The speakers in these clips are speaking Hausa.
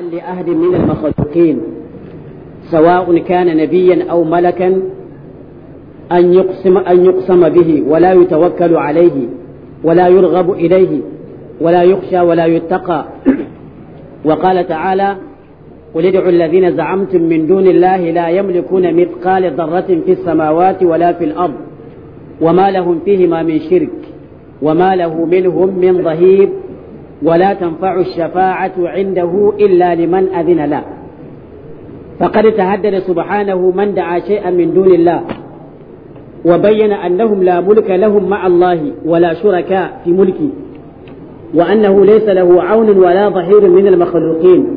محل من المخلوقين سواء كان نبيا أو ملكا أن يقسم, أن يقسم به ولا يتوكل عليه ولا يرغب إليه ولا يخشى ولا يتقى وقال تعالى قل ادعوا الذين زعمتم من دون الله لا يملكون مثقال ذرة في السماوات ولا في الأرض وما لهم فيهما من شرك وما له منهم من ظهير ولا تنفع الشفاعة عنده إلا لمن أذن له فقد تهدد سبحانه من دعا شيئا من دون الله وبين أنهم لا ملك لهم مع الله ولا شركاء في ملكه وأنه ليس له عون ولا ظهير من المخلوقين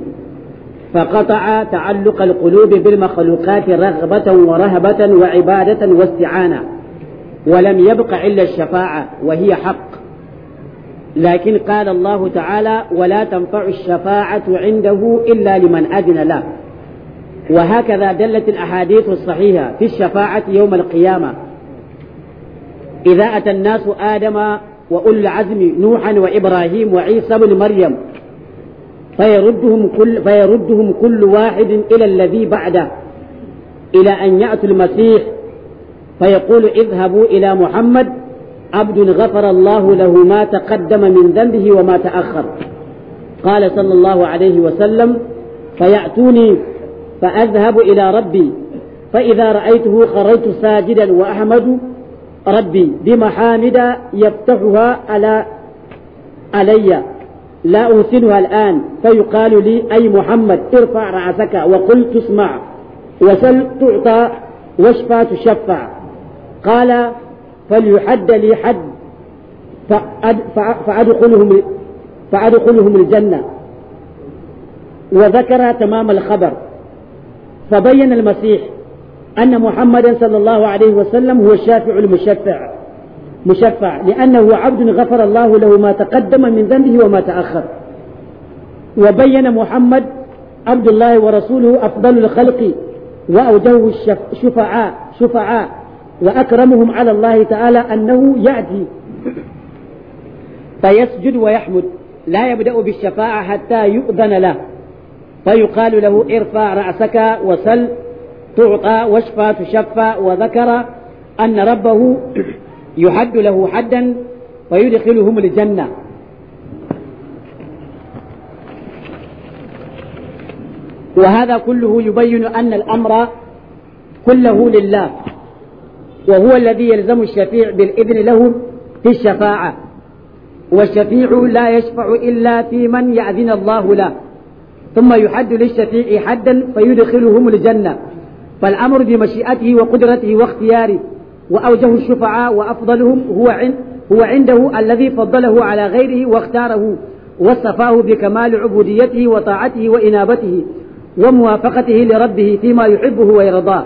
فقطع تعلق القلوب بالمخلوقات رغبة ورهبة وعبادة واستعانة ولم يبق إلا الشفاعة وهي حق لكن قال الله تعالى ولا تنفع الشفاعة عنده إلا لمن أذن له وهكذا دلت الأحاديث الصحيحة في الشفاعة يوم القيامة إذا أتى الناس آدم وأولي العزم نوحا وإبراهيم وعيسى بن مريم فيردهم كل فيردهم كل واحد إلى الذي بعده إلى أن يأتوا المسيح فيقول اذهبوا إلى محمد عبد غفر الله له ما تقدم من ذنبه وما تأخر قال صلى الله عليه وسلم فيأتوني فأذهب إلى ربي فإذا رأيته خرجت ساجدا وأحمد ربي بمحامد يفتحها على علي لا أوسنها الآن فيقال لي أي محمد ارفع رأسك وقل تسمع وسل تعطى واشفى تشفع قال فليحد لي حد فأدخلهم فأدخلهم الجنة وذكر تمام الخبر فبين المسيح أن محمدا صلى الله عليه وسلم هو الشافع المشفع مشفع لأنه عبد غفر الله له ما تقدم من ذنبه وما تأخر وبين محمد عبد الله ورسوله أفضل الخلق وأوجه الشفعاء شفعاء وأكرمهم على الله تعالى أنه يأتي فيسجد ويحمد لا يبدأ بالشفاعة حتى يؤذن له فيقال له ارفع رأسك وسل تعطى واشفى تشفى وذكر أن ربه يحد له حدا ويدخلهم الجنة وهذا كله يبين أن الأمر كله لله وهو الذي يلزم الشفيع بالإذن له في الشفاعة والشفيع لا يشفع إلا في من يأذن الله له ثم يحد للشفيع حدا فيدخلهم الجنة فالأمر بمشيئته وقدرته واختياره وأوجه الشفعاء وأفضلهم هو عند هو عنده الذي فضله على غيره واختاره وصفاه بكمال عبوديته وطاعته وإنابته وموافقته لربه فيما يحبه ويرضاه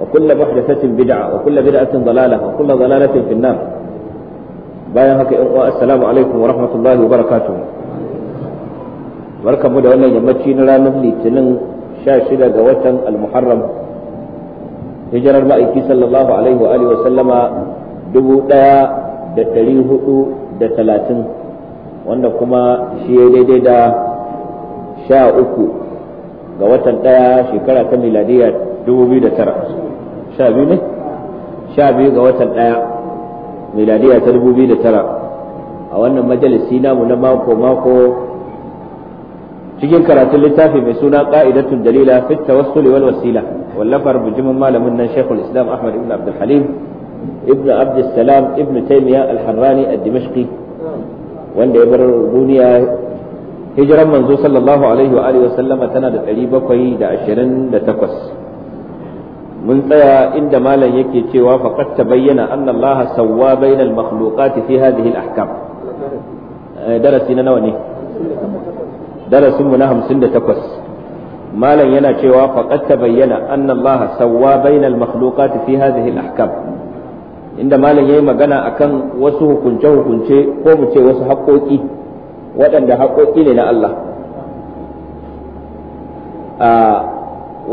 وكل محدثة بدعة وكل بدعة ضلالة وكل ضلالة في النار bayan haka yan uwa assalamu alaikum wa rahmatullahi wa barakatuh barkamu da wannan yammaci na ranar litinin 16 ga watan almuharram muharram hijirar ma'aiki sallallahu alaihi wa alihi wa da talatin wanda kuma shi ya daidai da uku. ga watan ɗaya shekara ta miladiyya 2009 sha biyu ne sha biyu ga watan ɗaya miladiyya ta 2009 a wannan majalisi namu na mako-mako cikin karatun littafi mai suna ka'idatun dalila fit tawassuli wal wasila wallafar bijimin malamin nan shekul islam ahmad ibn abdul halim ibn abdul salam ibn taymiya al-harrani ad-dimashqi wanda ya bar duniya hijiran manzo sallallahu alaihi wa alihi wasallama tana da 728 mun tsaya inda malam yake cewa faqad tabayyana anna Allah sawwa bainal makhluqati fi hadhihi al-ahkam eh, darasi na nawa ne darasin mu na 58 malam yana cewa faqad tabayyana anna Allah sawwa bainal makhluqati fi hadhihi al-ahkam inda malam ya yi magana akan wasu hukunce-hukunce ko mu ce wasu haƙoƙi waɗanda haƙoƙi ne na Allah a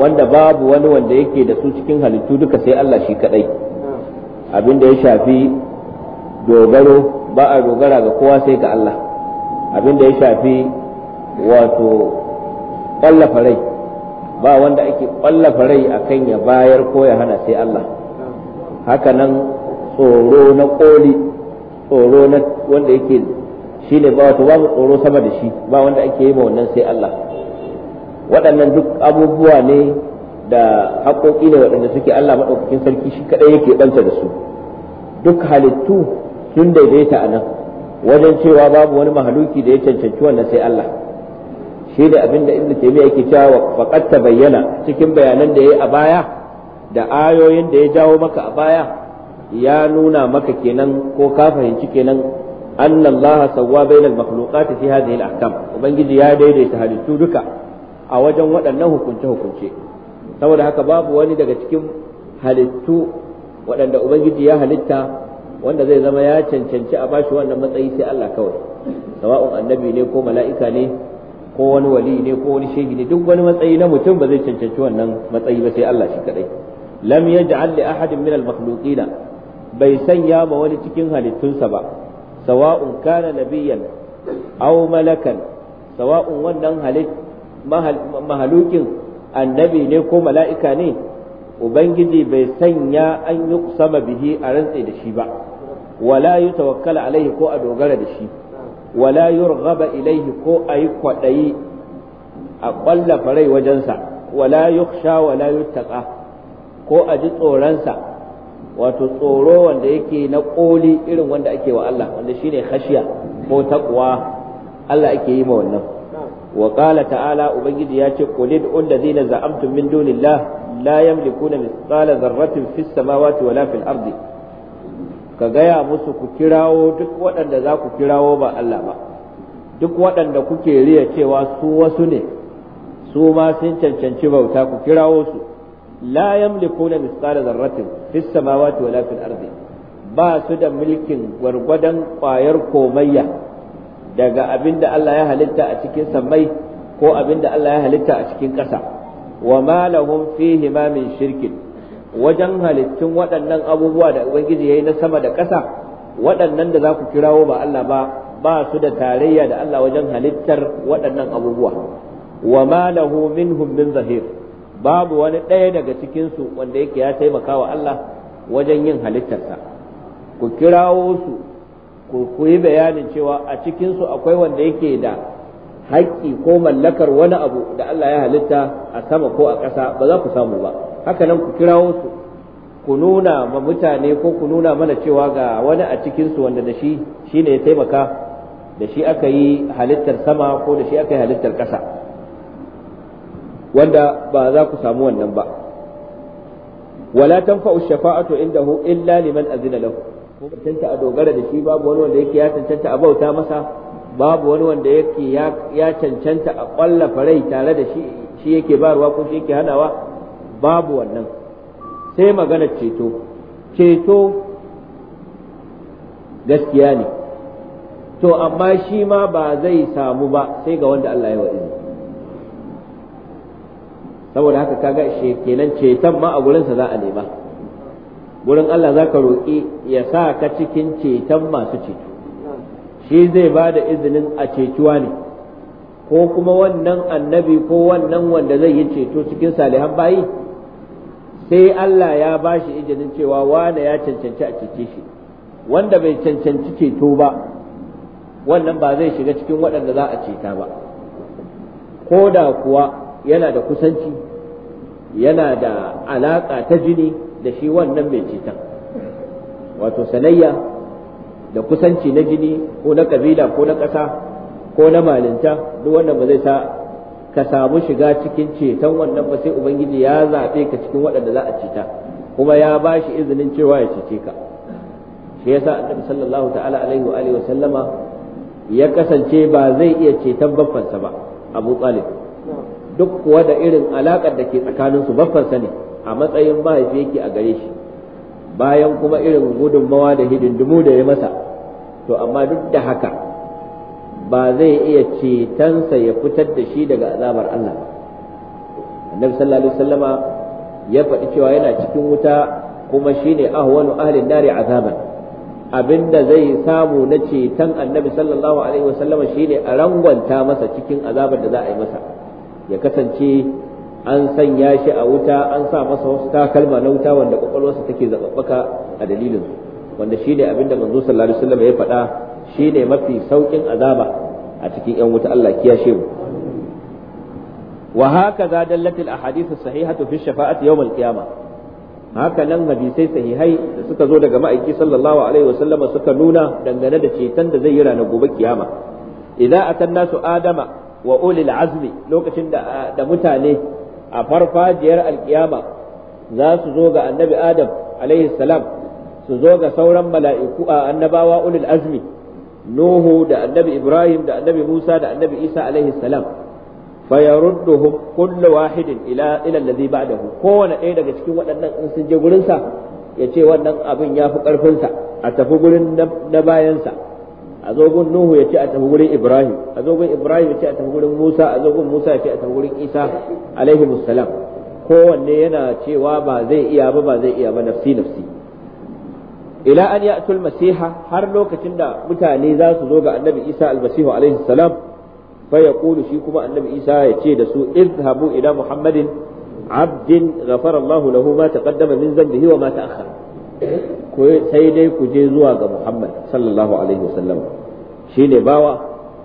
wanda babu wani wanda yake da su cikin halittu duka sai Allah shi kaɗai abinda ya shafi dogaro ba a dogara ga kowa sai ga Allah abinda ya shafi wato ƙwallafa rai ba wanda ake ƙwallafa rai kan ya bayar ko ya hana sai Allah haka nan tsoro na ƙoli tsoro na wanda yake shi ne ba wato babu tsoro sama da shi ba wanda ake yi ma wannan sai Allah waɗannan duk abubuwa ne da haƙoƙi ne waɗanda suke Allah maɗaukakin sarki shi kaɗai yake ɓanta da su duk halittu sun daidaita a nan wajen cewa babu wani mahaluki da ya cancanci wannan sai Allah shi da abin da ibnu taymiya yake cewa faqad bayyana cikin bayanan da yayi a baya da ayoyin da ya jawo maka a baya ya nuna maka kenan ko ka fahimci kenan أن الله سوى بين المخلوقات في هذه الأحكام ya يا ديدي duka دكا أوجن وأنه كنت كنت saboda haka babu wani daga cikin halittu waɗanda ubangiji ya halitta wanda zai zama ya cancanci a bashi wannan matsayi sai Allah kawai sawa'un annabi ne ko mala'ika ne ko wani wali ne ko wani shehi ne duk wani matsayi na mutum ba zai cancanci wannan matsayi ba sai Allah shi kadai lam yaj'al li ahadin min al bai sanya ma wani cikin halittunsa ba sawa'un kana nabiyyan aw malakan sawa'un wannan halit mahalukin annabi ne ko mala'ika ne ubangiji bai sanya an yi sama bihi a rantse da shi ba wala yi tawakkala alaihi ko a dogara da shi wala yurghaba ilaihi ko a yi kwaɗayi a ƙwallafa rai wajensa wala sha wala yuttaqa ko a ji tsoronsa wato tsoro wanda yake na koli irin wanda ake wa Allah wanda shine khashiya ko taqwa Allah ake yi ma wannan wa qala ta'ala ubangiji ya ce qul id'ul ladina za'amtum min dunillah la yamlikuna mithqala dharratin fis samawati wala fil ardi ka gaya musu ku kirawo duk waɗanda za ku kirawo ba Allah ba duk waɗanda kuke riya cewa su wasu ne su ma sun cancanci bauta ku kirawo su layan yamlikuna misqala dharratin fis samawati wala fil ardi ba su da mulkin gwargwadon kwayar komayya daga abin da Allah ya halitta a cikin samai ko abin da Allah ya halitta a cikin ƙasa wa ma fihi ma min shirkin wajen halittun waɗannan abubuwa da ubangiji yayi na sama da ƙasa waɗannan da za ku kirawo ba Allah ba ba su da tarayya da Allah wajen halittar waɗannan abubuwa wa ma minhum min zahir babu wani ɗaya daga cikinsu wanda yake ya taimaka wa Allah wajen yin halittarsa ku kirawo su ku yi bayanin cewa a cikinsu akwai wanda yake da haƙƙi ko mallakar wani abu da Allah ya halitta a sama ko a ƙasa ba za ku samu ba haka nan ku kirawo su ku nuna ma mutane ko ku nuna mana cewa ga wani a cikinsu wanda da shi shi ne ya taimaka da shi aka yi halittar sama ko da shi aka yi halittar ƙasa wanda ba za ku samu wannan ba wala ash shafa'atu indahu illa liman azina lahu ko tantance a dogara da shi babu wani wanda yake ya cancanta a bauta masa babu wani wanda yake ya cancanta a kwalla farai tare da shi shi yake barwa ko shi yake hanawa babu wannan sai magana ceto ceto gaskiya ne to amma shi ma ba zai samu ba sai ga wanda Allah ya waizi saboda haka kaga shi kenan ceton ma a gurinsa za a nema gurin Allah za ka roƙi ya sa ka cikin ceton masu ceto shi zai ba da izinin a cetuwa ne ko kuma wannan annabi ko wannan wanda zai yi ceto cikin salihan bayi sai Allah ya ba shi izinin cewa wane ya cancanci a cece shi wanda bai cancanci ceto ba wannan ba zai shiga cikin waɗanda za a ceta ba ko da kuwa yana da kusanci yana da alaƙa ta jini da shi wannan mai cetan. wato sanayya da kusanci na jini ko na ƙabila ko na ƙasa ko na malinta duk wannan ba zai sa ka samu shiga cikin cetan wannan ba sai ubangiji ya zaɓe ka cikin waɗanda za a ceta kuma ya ba shi izinin cewa ya cece ka shi yasa annabi sallallahu ta'ala alaihi wa alihi sallama ya kasance ba zai iya ceton baffansa ba abu talib duk kuwa da irin alaƙar da ke tsakaninsu baffansa ne a matsayin mahaifi yake a gare shi bayan kuma irin gudunmawa da hidindimu da ya masa to amma duk da haka ba zai iya cetansa ya fitar da shi daga azabar Allah ba annabi sallallahu alaihi wasallama ya faɗi cewa yana cikin wuta kuma shine ahwanu ahlin nari azaban abinda zai samu na cetan annabi sallallahu alaihi wasallama shine a rangwanta masa cikin azabar da za a yi masa ya kasance an sanya shi a wuta an sa masa wasu takalma na wuta wanda kwakwalwarsa take zaɓaɓɓaka a dalilin wanda shi ne abinda manzo sallallahu alaihi wasallam ya faɗa shi ne mafi saukin azaba a cikin yan wuta Allah kiyashe mu wa haka za al ahadith sahihatu fi shafa'ati yawm al qiyamah haka nan hadisai sahihai da suka zo daga ma'aiki sallallahu alaihi wasallam suka nuna dangane da ceton da zai yi ranar gobe kiyama atanna su adama wa ulil azmi lokacin da da mutane a farfajiyar alkiyama za su zo ga annabi adam alaihi salam su zo ga sauran mala'iku a annabawa ulil azmi nuhu da annabi ibrahim da annabi musa da annabi isa alaihi salam fayarudduhum kullu wahidin ila ila allazi ba'dahu kowane ɗaya daga cikin waɗannan in sun je gurinsa ya ce wannan abin ya fi ƙarfinsa a tafi gurin na bayansa a zogon nuhu ya ce a tafi wurin ibrahim a zogon ibrahim ya ce a tafi wurin musa a zogon musa ya ce a tafi wurin isa alaihi musallam kowanne yana cewa ba zai iya ba ba zai iya ba nafsi nafsi ila an ya'tul masiha har lokacin da mutane za su zo ga annabi isa almasihu alaihi salam fa yaqulu shi kuma annabi isa ya ce da su idhabu ila muhammadin abdin ghafara allah lahu ma taqaddama min dhanbihi wa ma ta'akhkhara sai dai ku je zuwa ga Muhammad sallallahu alaihi wasallam shine bawa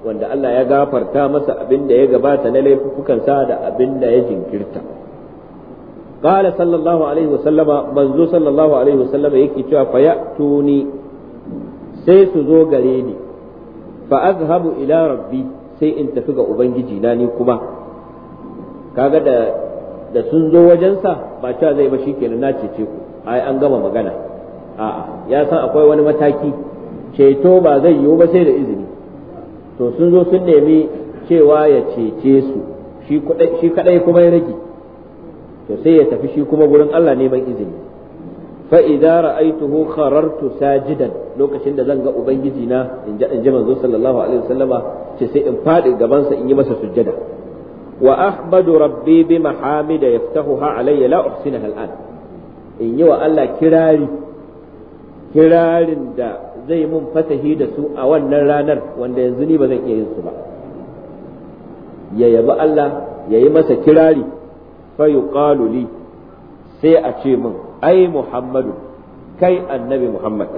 wanda Allah ya gafarta masa abin da ya gabata na laifukansa da abin da ya jinkirta qala sallallahu alaihi wasallama manzo sallallahu alaihi wasallama yake cewa fa ya'tuni sai su zo gare ni fa azhabu ila rabbi sai in tafi ga ubangiji na ni kuma kaga da da sun zo wajensa ba ta zai ba shikenan na cece ku ai an gama magana a'a ya san akwai wani mataki ceto ba zai yiwu ba sai da izini to sun zo sun nemi cewa ya cece su shi kadai kuma ya rage to sai ya tafi shi kuma gurin Allah neman izini fa idza ra'aytuhu kharartu sajidan lokacin da zan ga ubangiji na in ji manzo sallallahu alaihi wasallama ce sai in fadi gaban sa in yi masa sujjada wa ahmadu rabbi bi mahamida yaftahuha alayya la uhsinaha al'an in yi wa Allah kirari kirarin da zai mun fatahi da su a wannan ranar wanda yanzu ni ba zan iya yin su ba ya yabi Allah ya yi masa kirari fa yuqalu li sai a ce min ai Muhammadu kai annabi Muhammad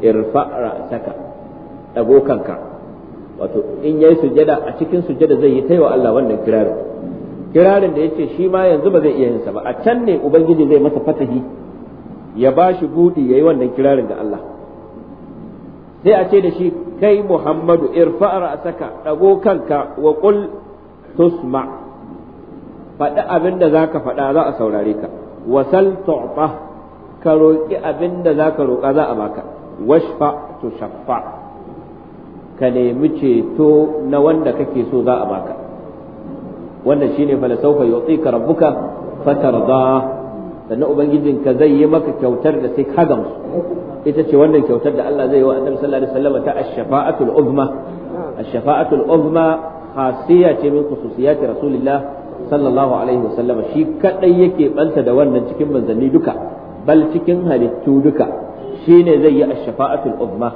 irfa ra'saka dago kanka wato in yayi sujada a cikin sujada zai yi taiwa Allah wannan kirarin kirarin da yace shi ma yanzu ba zai iya yin sa ba a can ne ubangiji zai masa fatahi ya ba shi buɗi ya yi wannan kirarin ga Allah sai a ce da shi kai Muhammadu a saka ɗago kanka wa qul tusma faɗi abin da za ka faɗa za a saurare ka wasal tu'ta ka roƙi abin da za ka roƙa za a baka washfa tu shaffa ka nemi ceto na wanda kake so za a baka wannan shine falasaufa yu'tika rabbuka fatarda sannan ubangijinka zai yi maka kyautar da sai ka gamsu ita ce wannan kyautar da Allah zai yi wa annabi sallallahu alaihi ta ash-shafa'atul uzma ash-shafa'atul uzma khasiyya ce min khususiyati rasulillah sallallahu alaihi wasallam shi kadai yake banta da wannan cikin manzanni duka bal cikin halittu duka shine zai yi ash-shafa'atul uzma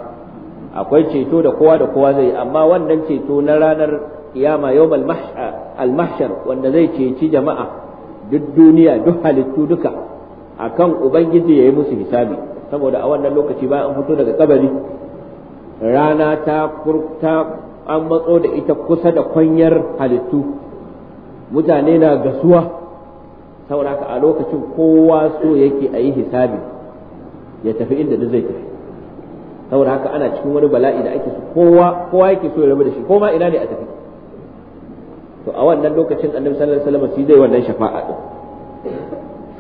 akwai ceto da kowa da kowa zai amma wannan ceto na ranar kiyama yawmal mahshar wanda zai ceci jama'a duk duniya duk halittu duka akan ubangiji yayi musu hisabi saboda a wannan lokaci bayan an fito daga kabari rana ta kurta an matso da ita kusa da kwanyar halittu mutane na gasuwa saboda a lokacin kowa so yake a yi hisabi ya tafi inda duk zai tafi saboda haka ana cikin wani bala'i da ake so kowa kowa yake so ya rabu da shi ko ma ina ne a tafi to a wannan lokacin annabi sallallahu alaihi wasallam shi zai wannan shafa'a din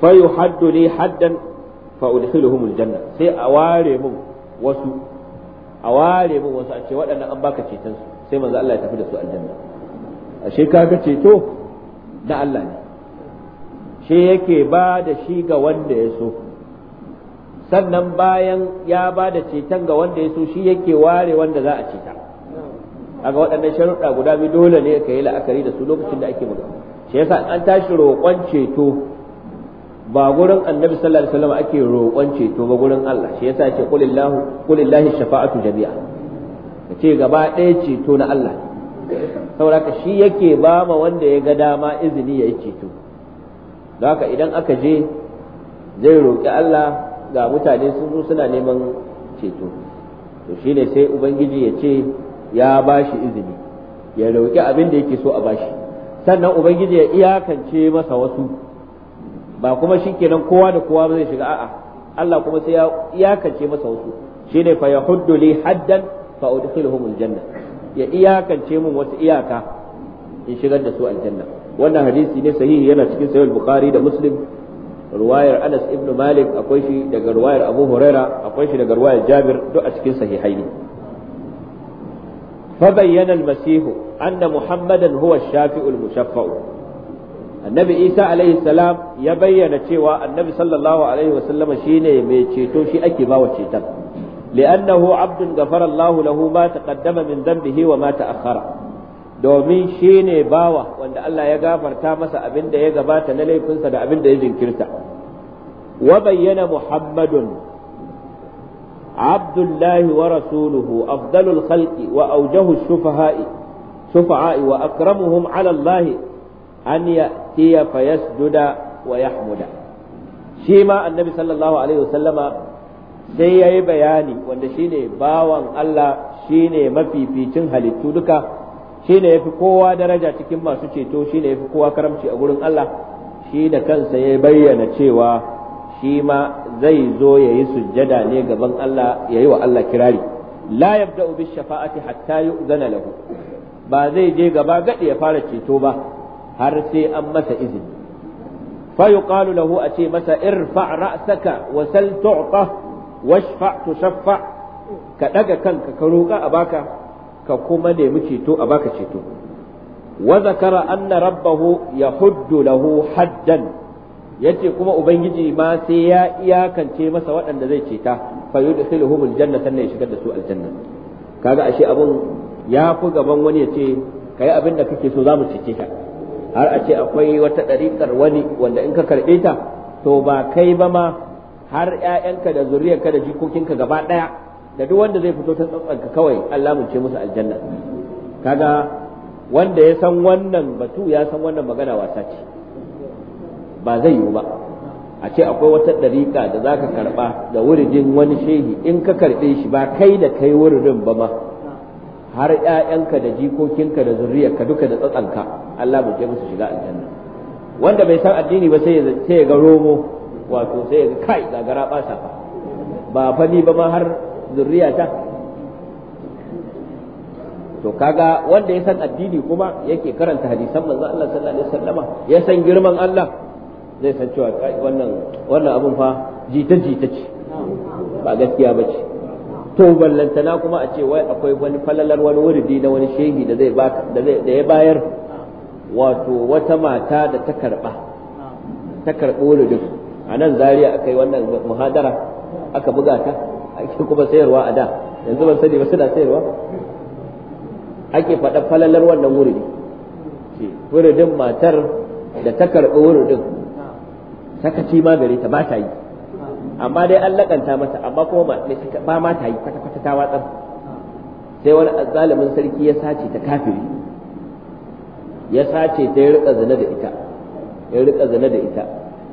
fa yuhaddu li haddan fa udkhiluhum aljanna sai a ware mun wasu a ware mun wasu a ce waɗannan an baka ceton su sai manzo Allah ya tafi da su aljanna ashe kaga ceto da Allah ne shi yake ba da shi ga wanda ya so sannan bayan ya ba da ceton ga wanda ya so shi yake ware wanda za a ceta kaga waɗannan sharuɗa guda biyu dole ne ka yi la'akari da su lokacin da ake magana shi yasa an tashi roƙon ceto ba gurin annabi sallallahu alaihi wasallam ake roƙon ceto ba gurin Allah shi yasa ce qulillahu qulillahi shafa'atu jami'a kace gaba ɗaya ceto na Allah saboda shi yake ba ma wanda ya ga dama izini ya yi ceto don haka idan aka je zai roƙi Allah ga mutane sun zo suna neman ceto to shine sai ubangiji ya ce ya ba shi izini ya roƙi abin da yake so a bashi sannan ubangiji ya iyakance masa wasu ba kuma shi kenan kowa da kowa zai shiga a'a Allah kuma sai ya iyakance masa wasu shine fa yahuddu li haddan fa udkhiluhum aljanna ya iyakance mun wasu iyaka in shigar da su janna. wannan hadisi ne sahihi yana cikin sahih bukhari da muslim ruwayar Anas ibn Malik akwai shi daga ruwayar Abu Huraira akwai shi daga ruwayar Jabir duk a cikin sahihai ne فبين المسيح أن محمدا هو الشافع المشفع النبي عيسى عليه السلام يبين cewa النبي صلى الله عليه وسلم شيني mai ceto shi ake bawa ceton لأنه عبد غفر الله له ما تقدم من ذنبه وما تأخر domin shi ne bawa wanda Allah ya gafarta masa abin da ya gabata na laifinsa da abin da ya jinkirta wa bayyana muhammadun abdullahi wa rasuluhu afdalul wa awjahu wa akramuhum ala Allah annabi sallallahu alaihi wasallama sai yayi bayani wanda shine bawan Allah shine mafificin halittu duka shine yafi kowa daraja cikin masu ceto shine yafi kowa karamci a gurin Allah shi da kansa ya bayyana cewa shi ma zai zo ya yi sujjada ne gaban Allah ya yi wa Allah kirari la da ubi shafa'ati hatta zana lahu ba zai je gaba gadi ya fara ceto ba har sai an masa izini fayu yuqalu lahu a ce masa irfa ra'saka wa sal tu'ta washfa ka daga kanka ka roƙa a baka ka kuma nemi ceto a baka ceto wa zakara anna rabbahu yahuddu lahu haddan yace kuma ubangiji ma sai ya iyakance masa waɗanda zai ceta fa yudkhiluhumul janna sannan ya shigar da su aljanna kaga ashe abun ya fi gaban wani yace kai abin da kake so zamu cece ka har a ce akwai wata ɗariƙar wani wanda in ka karɓe ta to ba kai ba ma har ƴaƴanka da zuriyarka da jikokinka gaba ɗaya da duk wanda zai fito ta tsantsanka kawai Allah mun ce musu aljanna kaga wanda ya san wannan batu ya san wannan magana wasa ce ba zai yiwu ba a ce akwai wata ɗariƙa da za ka karɓa da wuridin wani shehi in ka karɓe shi ba kai da kai wuridin ba ma har ‘ya'yanka da jikokinka da zuriyarka duka da tsatsanka Allah bai musu shiga aljanna wanda bai san addini ba sai ya ga romo wato sai ya ga kai ga ba sa fa ba fa ni ba ma har zuriyata to kaga wanda ya san addini kuma yake karanta hadisan manzo Allah sallallahu alaihi wasallama ya san girman Allah zai san cewa wannan wannan abun fa jita jita ce ba gaskiya ba ce to ballantana kuma a ce wai akwai wani falalar wani wuridi na wani shehi da zai da zai da ya bayar wato wata mata da ta karba ta karbo wuridin a nan zaria aka yi wannan muhadara aka buga ta ake kuma sayarwa a da yanzu ban sani ba suna sayarwa ake faɗa falalar wannan wuridi wuridin matar da ta karɓi wuridin sakaci ma gare ta ba ta yi amma dai an lakanta mata amma kuma ba ma ta yi kwata kwata ta watsar sai wani azzalimin sarki ya sace ta kafiri ya sace ta ya rika zina da ita ya rika zina da ita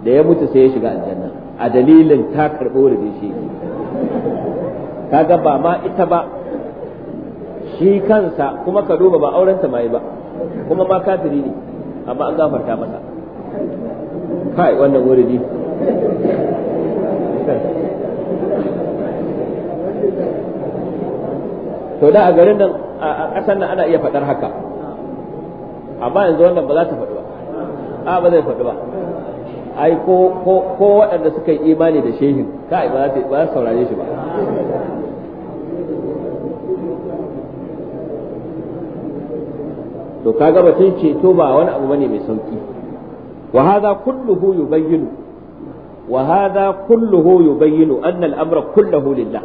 da ya mutu sai ya shiga aljanna a dalilin ta karbo da shi kaga ba ma ita ba shi kansa kuma ka duba ba auren ta mai ba kuma ma kafiri ne amma an gafarta masa kai wannan wuri to da a garin nan a ƙasar nan ana iya faɗar haka amma yanzu wannan ba za ta faɗi ba a ba zai faɗi ba ai ko ko waɗanda suka yi imani da shehin kai ba za su saurare shi ba to kaga batun ceto ba wani abu bane mai sauki wa hadha kulluhu yubayyinu wa hadha kulluhu yubayyinu anna al-amra kulluhu lillah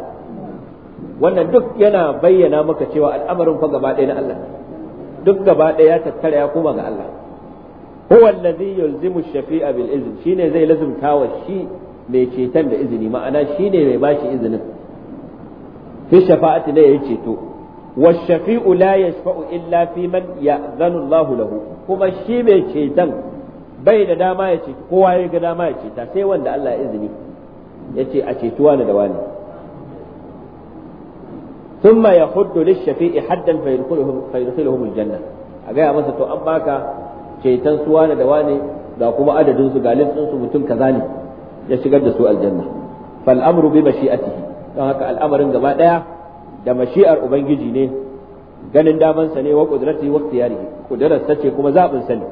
wannan duk yana bayyana maka cewa al'amarin fa gaba na Allah duk gabaɗaya ya tattara ya kuma ga Allah huwa allazi yulzimu ash-shafi'a zai lazumta wa shi mai ceton da izini ma'ana shine mai bashi izinin fi shafa'ati ne yayi ceto wash-shafi'u la yashfa'u illa fi man ya'zanu Allah lahu kuma shi mai cetan. bai da dama ya ce kowa ya ga dama ya ta sai wanda Allah ya izini ya ce a cetuwa wani da wani ثم يخد للشفيع حدا فيدخلهم فيدخلهم a gaya masa to an baka ceton da wani da kuma adadin su galin su mutum kaza ne ya shigar da su aljanna fal amru bi mashi'atihi don haka al'amarin gaba daya da mashi'ar ubangiji ne ganin damansa ne wa qudratihi ce kuma zabin sa ne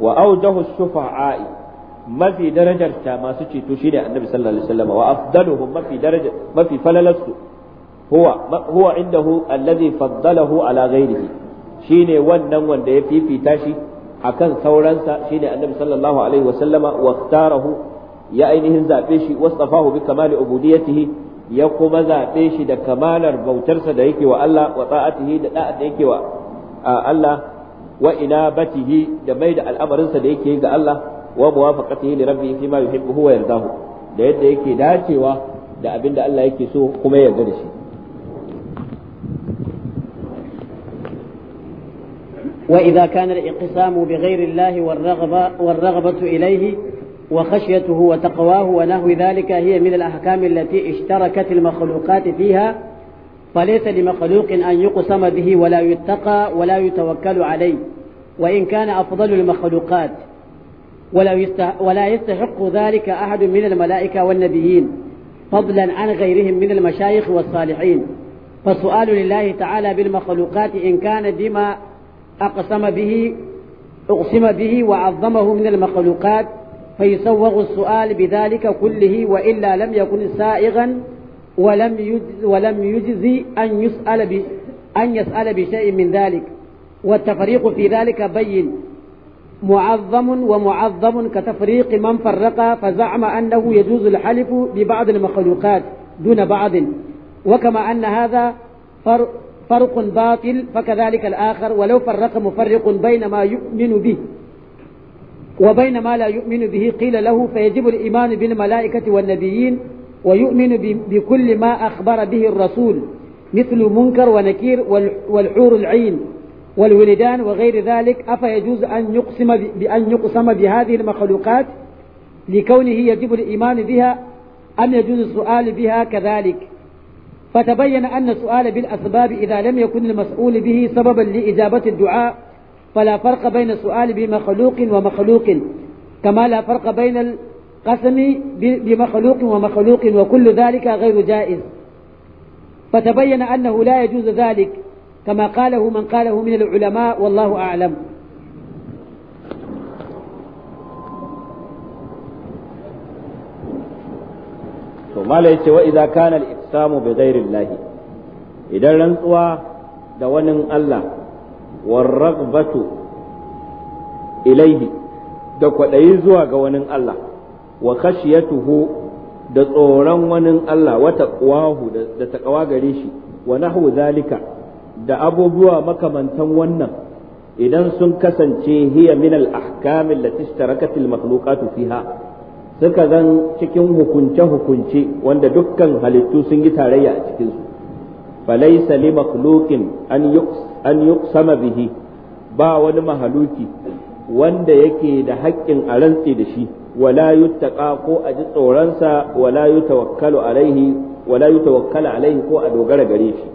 wa awdahu shufa'i mafi darajarta masu ceto shine annabi sallallahu alaihi wasallam wa afdaluhum mafi daraja mafi falalatsu huwa huwa indahu alladhi faddalahu ala ghairihi shine wannan wanda ya fifita shi akan sauransa shine annabi sallallahu alaihi wasallama wa ikhtarahu ya ainihin zabe shi wasafahu bi kamali ubudiyatihi ya kuma zabe shi da kamalar bautarsa da yake wa Allah wa ta'atihi da da'a da yake wa Allah wa inabatihi da mai da al'amarinsa da yake ga Allah wa muwafaqatihi li rabbihi fima yuhibbu wa yardahu da yadda yake dacewa da abinda Allah yake so kuma ya yarda da shi وإذا كان الانقسام بغير الله والرغبة, والرغبة إليه وخشيته وتقواه ونحو ذلك هي من الأحكام التي اشتركت المخلوقات فيها فليس لمخلوق أن يقسم به ولا يتقى ولا يتوكل عليه وإن كان أفضل المخلوقات ولا, يستحق ذلك أحد من الملائكة والنبيين فضلا عن غيرهم من المشايخ والصالحين فالسؤال لله تعالى بالمخلوقات إن كان بما أقسم به أقسم به وعظمه من المخلوقات فيسوغ السؤال بذلك كله وإلا لم يكن سائغا ولم يجز ولم يجزي أن يسأل ب أن يسأل بشيء من ذلك والتفريق في ذلك بين معظم ومعظم كتفريق من فرق فزعم أنه يجوز الحلف ببعض المخلوقات دون بعض وكما أن هذا فرق باطل فكذلك الآخر ولو فرق مفرق بين ما يؤمن به وبين ما لا يؤمن به قيل له فيجب الإيمان بالملائكة والنبيين ويؤمن بكل ما أخبر به الرسول مثل منكر ونكير والحور العين والولدان وغير ذلك أفيجوز أن يقسم بأن يقسم بهذه المخلوقات لكونه يجب الإيمان بها أم يجوز السؤال بها كذلك فتبين أن السؤال بالأسباب إذا لم يكن المسؤول به سببا لإجابة الدعاء فلا فرق بين السؤال بمخلوق ومخلوق كما لا فرق بين قسمي بمخلوق ومخلوق وكل ذلك غير جائز فتبين أنه لا يجوز ذلك كما قاله من قاله من العلماء والله أعلم mala yace wa idza kana al-iqsamu bi ghairi Allah idan rantsuwa da wani Allah war raghbatu ilaihi da kwaɗayi zuwa ga wani Allah wa khashiyatuhu da tsoron wani Allah wa taqwahu da taqwa gare shi wa nahu zalika da abubuwa makamantan wannan idan sun kasance hiya min al ahkam allati ishtarakat al makhluqat fiha suka zan cikin hukunce hukunce wanda dukkan halittu sun yi tarayya a cikin su falaysa li makhluqin an yuqsama bihi ba wani mahaluki wanda yake da haƙƙin a rantse da shi wala yuttaqa ko a ji tsoronsa wala yutawakkalu alaihi wala yutawakkala alaihi ko a dogara gare shi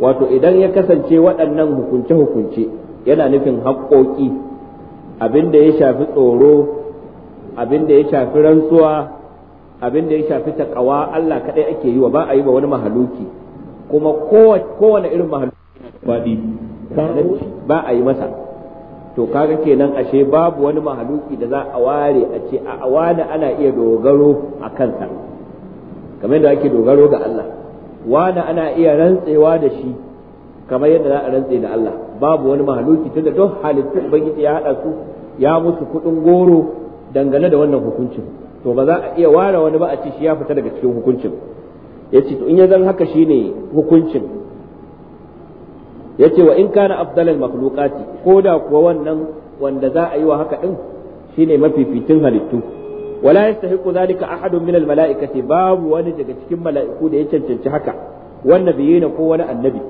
wato idan ya kasance waɗannan hukunce hukunce yana nufin haƙƙoƙi abin da ya shafi tsoro abin da ya shafi rantsuwa abin da ya shafi takawa Allah kaɗai ake yi wa ba a yi wa wani mahaluki kuma kowane irin mahaluki ba a yi masa to kaga kenan ashe babu wani mahaluki da za a ware a ce a wani ana iya dogaro a kansa kamar yadda ake dogaro ga Allah wani ana iya rantsewa da shi kamar yadda za a rantse da Allah babu wani mahaluki da duk halittu ubangiji ya hada su ya musu kuɗin goro dangane da wannan hukuncin to ba za a iya ware wani ba a ce shi ya fita daga cikin hukuncin yace to in ya zan haka shine hukuncin yace wa in kana afdalal makhluqati ko da kuwa wannan wanda za a yi wa haka din shine mafificin halittu wala yastahiqu zalika ahadun min al malaikati babu wani daga cikin mala'iku da ya cancanci haka wannan biyina ko wani annabi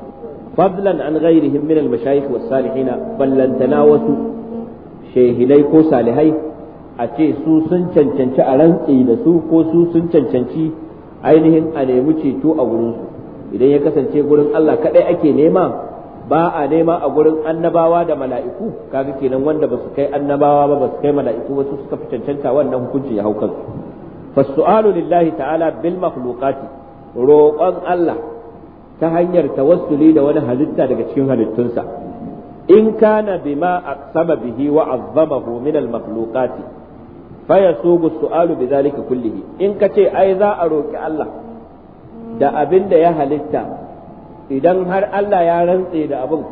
fadlan an ghairihim min al mashayikh was salihin ballantana wasu shehilai ko salihai a ce su sun cancanci a rantsi da su ko su sun cancanci ainihin a nemi ceto a gurinsu idan ya kasance gurin Allah kadai ake nema ba a nema a gurin annabawa da mala'iku kaga kenan wanda ba su kai annabawa ba ba su kai mala'iku wasu suka fi cancanta wannan hukunci ya hau kansu fasu'alu lillahi ta'ala bil makhluqati roƙon Allah ta hanyar tawassuli da wani halitta daga cikin halittunsa in kana bima aqsama bihi wa azzamahu min al makhluqati fa yasubu su'alu bidhalika kullihi in kace ai za a roki Allah da abin da ya halitta idan har Allah ya rantse da abin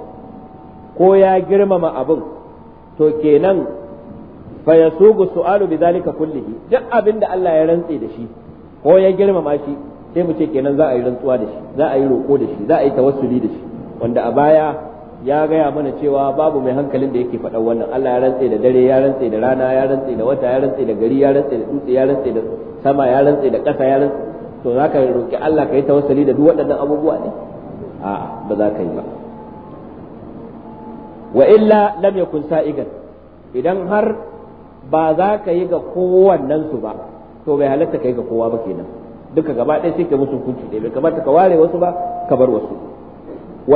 ko ya girmama abin to kenan fa yasugu su'alu bidhalika kullihi duk abin da Allah ya rantse da shi ko ya girmama shi sai mu ce kenan za a yi rantsuwa da shi za a yi roko da shi za a yi tawassuli da shi wanda a baya ya gaya mana cewa babu mai hankalin da yake faɗan wannan Allah ya rantse da dare ya rantse da rana ya rantse da wata ya rantse da gari ya rantse da dutse ya rantse da sama ya rantse da ƙasa ya rantse to zaka roƙi Allah ka yi tawassuli da duk waɗannan abubuwa ne a'a ba za ka yi ba wa illa lam yakun sa'igan idan har ba za ka yi ga kowannen su ba to bai halatta ka yi ga kowa ba kenan duka gaba ɗaya sai ka musu hukunci ɗaya bai kamata ka ware wasu ba ka bar wasu wa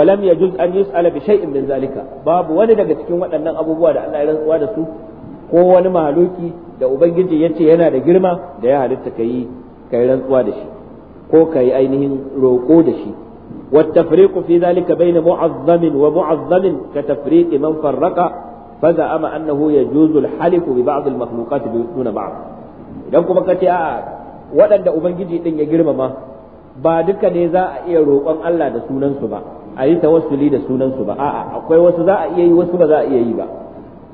walam yajuz an yus'ala bi shay'in min zalika babu wani daga cikin waɗannan abubuwa da Allah ya rantsuwa da su ko wani mahaluki da ubangiji ya ce yana da girma da ya halitta ka yi ka yi rantsuwa da shi ko ka yi ainihin roko da shi والتفريق في ذلك بين معظم ومعظم كتفريق من فرق فزعم أنه يجوز الحلف ببعض المخلوقات دون بعض idan kuma kace a'a waɗanda ubangiji din ya girmama ba duka ne za a iya roƙon Allah da sunansu ba a yi tawassuli da sunansu ba a'a akwai wasu za a iya yi wasu ba za a iya yi ba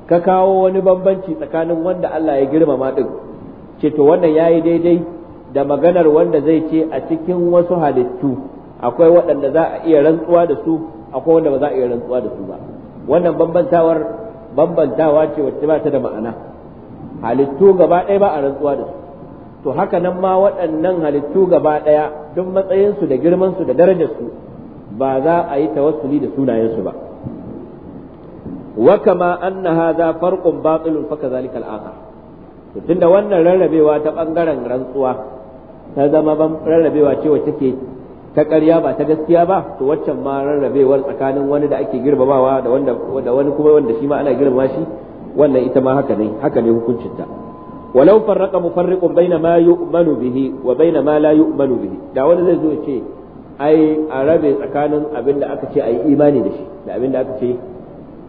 ka kawo wani bambanci tsakanin wanda Allah ya girmama din ce to wannan yayi daidai da maganar wanda zai ce a cikin wasu halittu akwai waɗanda za a iya rantsuwa da su akwai wanda ba za a iya rantsuwa da su ba wannan bambantawar bambantawa ce wacce ba ta da ma'ana halittu gaba ɗaya ba a rantsuwa da su to haka nan ma waɗannan halittu gaba ɗaya duk matsayinsu da girmansu da darajarsu ba za a yi tawassuli da sunayensu ba wa kama anna hadha farqun batilun fa kadhalika al-akhar to tunda wannan rarrabewa ta bangaren rantsuwa ta zama rarrabewa ce wacce take ta ƙarya ba ta gaskiya ba to waccan ma rarrabewar tsakanin wani da ake girmamawa da wanda da wani kuma wanda shi ma ana girmama shi wannan ita ma haka ne haka ne hukuncin ta walau farraqa mufarriqun baina ma yu'manu bihi wa baina ma la yu'manu bihi da wani zai zo ya ce ai a rabe tsakanin abin da aka ce ai imani da shi da abin da aka ce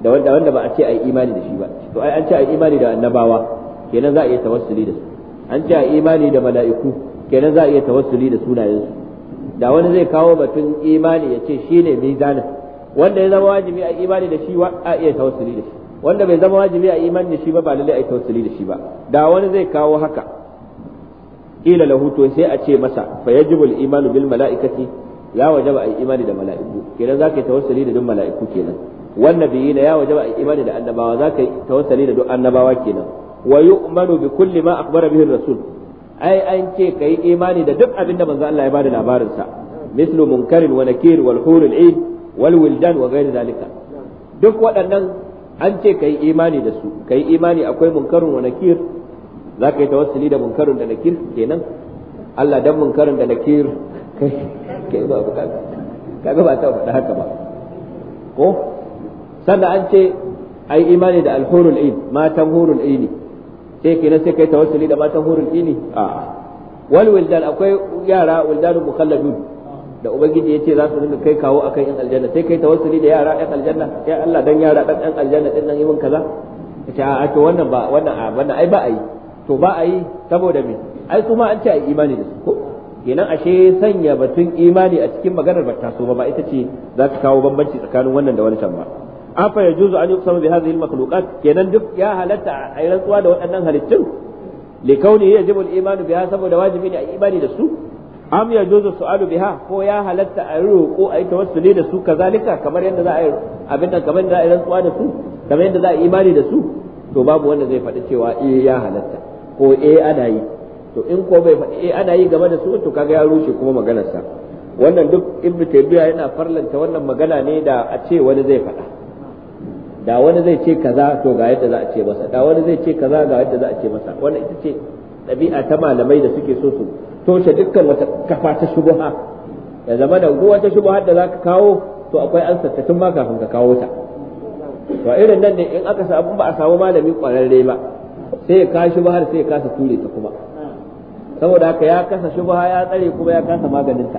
da wanda wanda ba a ce ai imani da shi ba to ai an ce ai imani da annabawa kenan za a iya tawassuli da su an ce ai imani da mala'iku kenan za a iya tawassuli da sunayensu da wani zai kawo batun imani ya ce shi ne mizanin wanda ya zama wajibi a imani da shi a iya tawassuli da shi wanda bai zama wajibi a imani da shi ba ba lallai a yi da shi ba da wani zai kawo haka ila lahu to sai a ce masa fa yajibu al imanu bil malaikati ya wajaba a imani da mala'iku kenan zaka yi tawassuli da duk mala'iku kenan wannan na ya wajaba a imani da annabawa zaka yi tawassuli da duk annabawa kenan wa yu'manu bi kulli ma akhbara bihi rasul ai an ce ka yi imani da duk abin da manzo Allah ya bada labarin sa mislu munkarin wa nakir wal hurul ain wal wildan wa ghairi zalika duk waɗannan an ce ka yi imani da su Ka yi imani akwai munkarin wa nakir ka yi tawassuli da munkarin da nakir kenan Allah dan munkarin da nakir kai kai ba kaga ba ta faɗa haka ba ko sannan an ce ai imani da alhurul ain matan hurul aini sai eh, kenan sai kai tawassuli da matan hurul ini a wal wildan akwai yara wildanul mukhalladun da ubangiji yace za su rinka kai kawo akan yan aljanna sai kai tawassuli da yara yan aljanna ya Allah dan yara dan yan aljanna din nan yi min kaza kace a to wannan ba wannan a wannan ai ba ai to ba ai saboda me ai kuma an ce ai imani da su ko kenan ashe sanya batun imani a cikin maganar ba taso ba ba ita ce za ta kawo bambanci tsakanin wannan da wancan ba afa ya juzu an yuqsamu bi hadhihi al-makhluqat kenan duk ya halatta a yi rantsuwa da waɗannan halittun li kauni yajibu al imanu biha saboda wajibi ne a imani da su am ya juzu su'alu biha ko ya halatta a roƙo a yi tawassuli da su kazalika kamar yadda za a yi abin da kamar yadda za a yi rantsuwa da su kamar yadda za a yi imani da su to babu wanda zai faɗi cewa eh ya halatta ko eh ana yi to in ko bai faɗi eh ana yi game da su to kaga ya rushe kuma maganarsa wannan duk ibnu taymiya yana farlanta wannan magana ne da a ce wani zai faɗa da wani zai ce kaza to ga yadda za a ce masa da wani zai ce kaza ga yadda za a ce masa wani ita ce ɗabi'a ta malamai da suke so su toshe dukkan wata kafa ta shubuha ya zama da duk wata shubuha da zaka kawo to akwai an tun ma kafin ka kawo ta to irin nan ne in aka samu ba a samu malami kwararre ba sai ya kawo shubahar sai ya kasa ture ta kuma saboda haka ya kasa shubaha ya tsare kuma ya kasa maganinta